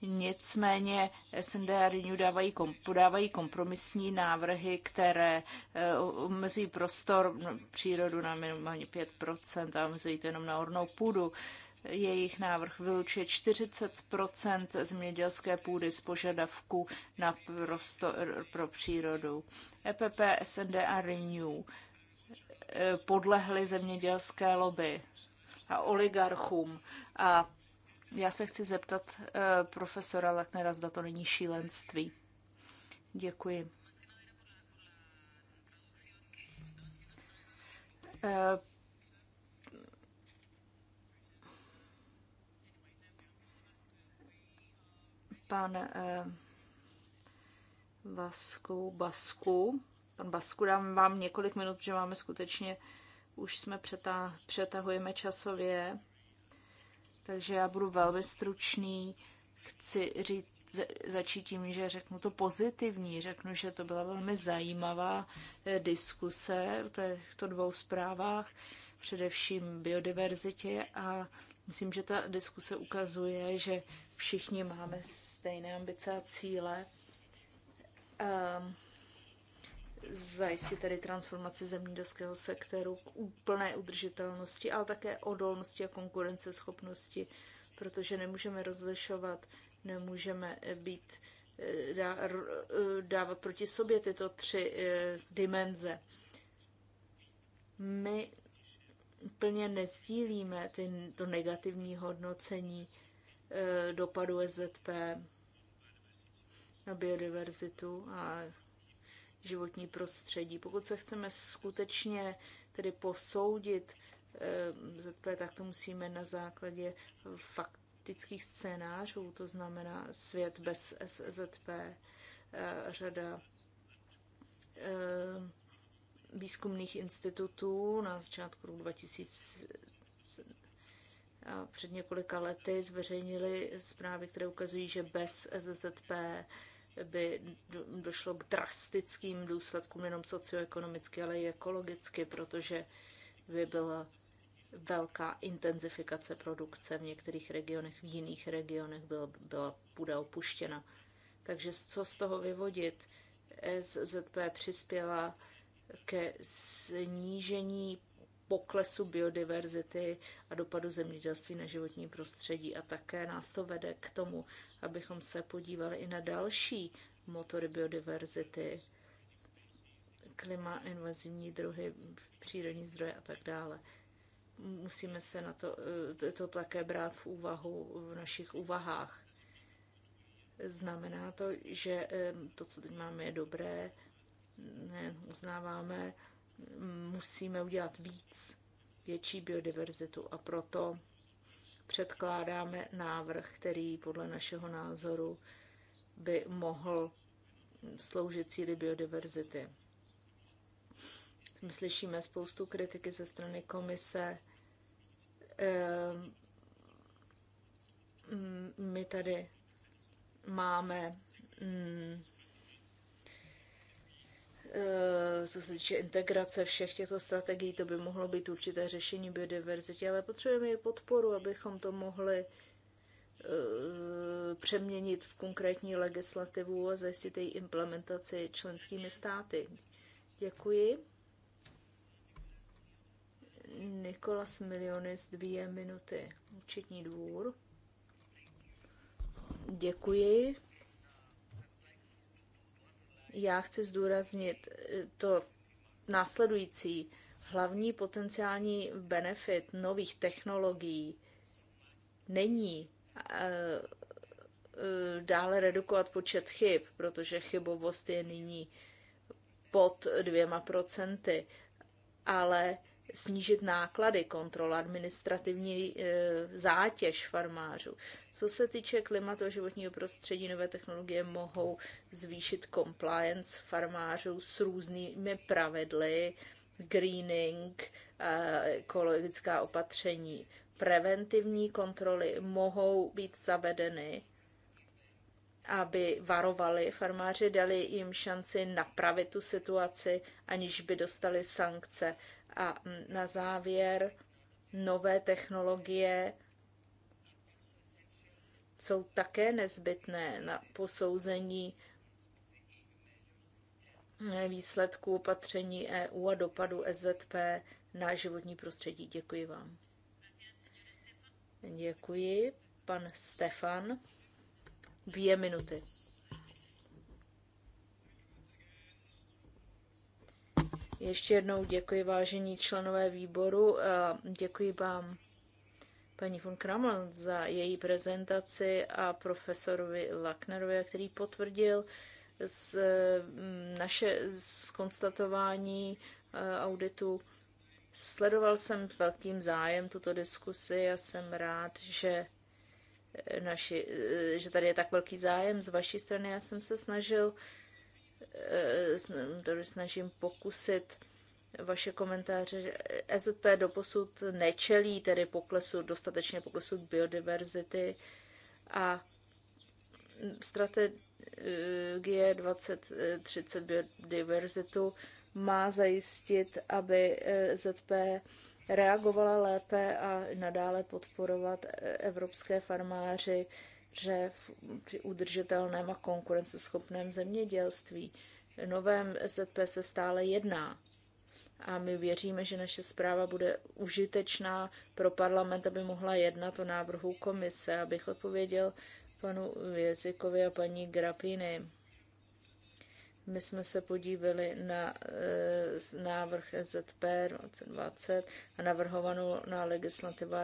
Nicméně SND a Renew dávají, podávají kompromisní návrhy, které e, omezují prostor no, přírodu na minimálně 5% a omezují to jenom na ornou půdu. Jejich návrh vylučuje 40 zemědělské půdy z požadavku na prostor pro přírodu. EPP, SND a Renew eh, podlehly zemědělské lobby a oligarchům. A já se chci zeptat eh, profesora Lechnera, zda to není šílenství. Děkuji. Eh, pan eh, Vasku, Basku. Pan Basku, dám vám několik minut, protože máme skutečně, už jsme přetá, přetahujeme časově, takže já budu velmi stručný. Chci říct, začít tím, že řeknu to pozitivní, řeknu, že to byla velmi zajímavá eh, diskuse v těchto dvou zprávách, především biodiverzitě a myslím, že ta diskuse ukazuje, že všichni máme stejné ambice a cíle. Um, zajistit tedy transformaci zemědělského sektoru k úplné udržitelnosti, ale také odolnosti a konkurenceschopnosti, protože nemůžeme rozlišovat, nemůžeme být eh, dá, eh, dávat proti sobě tyto tři eh, dimenze. My plně nezdílíme ty, to negativní hodnocení Eh, dopadu SZP na biodiverzitu a životní prostředí. Pokud se chceme skutečně tedy posoudit eh, ZP, tak to musíme na základě faktických scénářů, to znamená svět bez SZP, eh, řada výzkumných institutů na začátku roku 2000 před několika lety zveřejnili zprávy, které ukazují, že bez SZP by došlo k drastickým důsledkům jenom socioekonomicky, ale i ekologicky, protože by byla velká intenzifikace produkce v některých regionech, v jiných regionech byla, byla půda opuštěna. Takže co z toho vyvodit? SZP přispěla ke snížení poklesu biodiverzity a dopadu zemědělství na životní prostředí. A také nás to vede k tomu, abychom se podívali i na další motory biodiverzity, klima, invazivní druhy, přírodní zdroje a tak dále. Musíme se na to, eh, to také brát v úvahu v našich úvahách. Znamená to, že eh, to, co teď máme, je dobré, ne, uznáváme, musíme udělat víc, větší biodiverzitu a proto předkládáme návrh, který podle našeho názoru by mohl sloužit cíli biodiverzity. My slyšíme spoustu kritiky ze strany komise. Ehm, my tady máme mm, Eh, co se týče integrace všech těchto strategií, to by mohlo být určité řešení biodiverzity, ale potřebujeme i podporu, abychom to mohli eh, přeměnit v konkrétní legislativu a zajistit její implementaci členskými státy. Děkuji. Nikolas Milionis, dvě minuty. Účetní dvůr. Děkuji. Já chci zdůraznit eh, to následující. Hlavní potenciální benefit nových technologií není eh, eh, dále redukovat počet chyb, protože chybovost je nyní pod dvěma procenty, ale snížit náklady kontrola administrativní e, zátěž farmářů. Co se týče klimatu a životního prostředí, nové technologie mohou zvýšit compliance farmářů s různými pravidly, greening, e, ekologická opatření. Preventivní kontroly mohou být zavedeny aby varovali farmáři, dali jim šanci napravit tu situaci, aniž by dostali sankce. A mm, na závěr nové technologie jsou také nezbytné na posouzení mm, výsledků opatření EU a dopadu SZP e na životní prostředí. Děkuji vám. Děkuji, pan Stefan. Dvě minuty. Ještě jednou děkuji vážení členové výboru a děkuji vám paní von Kraml za její prezentaci a profesorovi Lacknerovi, který potvrdil z mm, naše skonstatování e, auditu. Sledoval jsem s velkým zájem tuto diskusi a jsem rád, že Eh, naši, eh, že tady je tak velký zájem z vaší strany. Já jsem se snažil, eh, tady snažím pokusit vaše komentáře. EZP doposud nečelí tedy poklesu, dostatečně poklesu biodiverzity a strategie 2030 biodiverzitu má zajistit, aby ZP reagovala lépe a nadále podporovat evropské farmáři že při udržitelném a konkurenceschopném zemědělství. Novém SZP se stále jedná a my věříme, že naše zpráva bude užitečná pro parlament, aby mohla jednat o návrhu komise. Abych odpověděl panu Vězikovi a paní Grapiny. My jsme se podívali na e, návrh ZP 2020 a navrhovanou na legislativa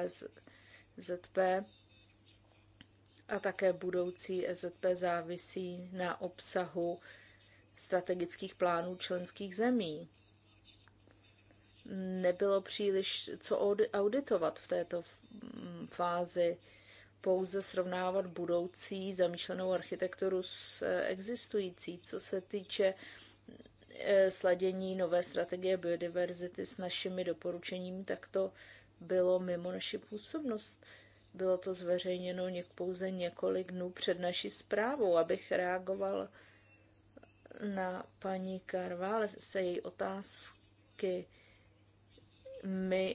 ZP a také budoucí EZP závisí na obsahu strategických plánů členských zemí. Nebylo příliš co auditovat v této fázi pouze srovnávat budoucí zamýšlenou architekturu s eh, existující. Co se týče eh, sladění nové strategie biodiverzity s našimi doporučeními, tak to bylo mimo naši působnost. Bylo to zveřejněno něk, pouze několik dnů před naší zprávou, abych reagoval na paní Karvále se její otázky my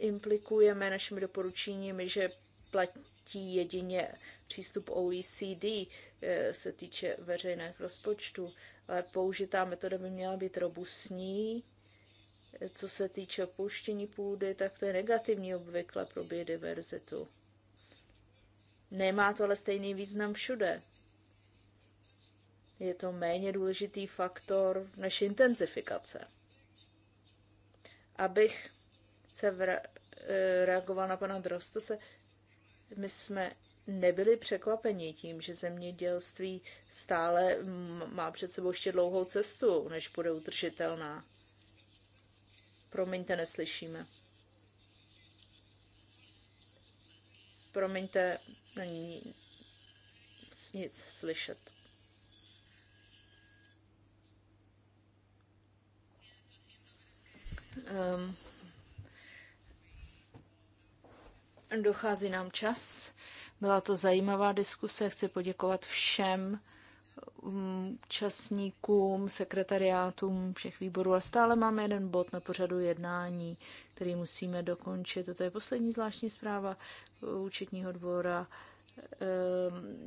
neimplikujeme našimi doporučeními, že platí jedině přístup OECD eh, se týče veřejných rozpočtů, ale použitá metoda by měla být robustní. Co se týče opuštění půdy, tak to je negativní obvykle pro biodiverzitu. Nemá to ale stejný význam všude. Je to méně důležitý faktor než intenzifikace abych se vr- eh, reagoval na pana Drostose, my jsme nebyli překvapeni tím, že zemědělství stále má před sebou ještě dlouhou cestu, než bude utržitelná. Promiňte, neslyšíme. Promiňte, není nic slyšet. Um, dochází nám čas. Byla to zajímavá diskuse. Chci poděkovat všem účastníkům, mm, sekretariátům všech výborů, ale stále máme jeden bod na pořadu jednání, který musíme dokončit. To je poslední zvláštní zpráva účetního dvora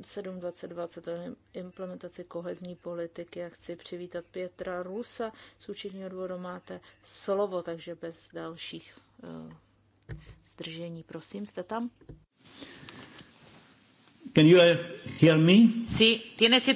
7.2020 ehm, implementaci kohezní politiky a chci přivítat Pětra Rusa z účetního dvoru. Máte slovo, takže bez dalších uh, zdržení. Prosím, jste tam? Can you hear me? Sí, tienes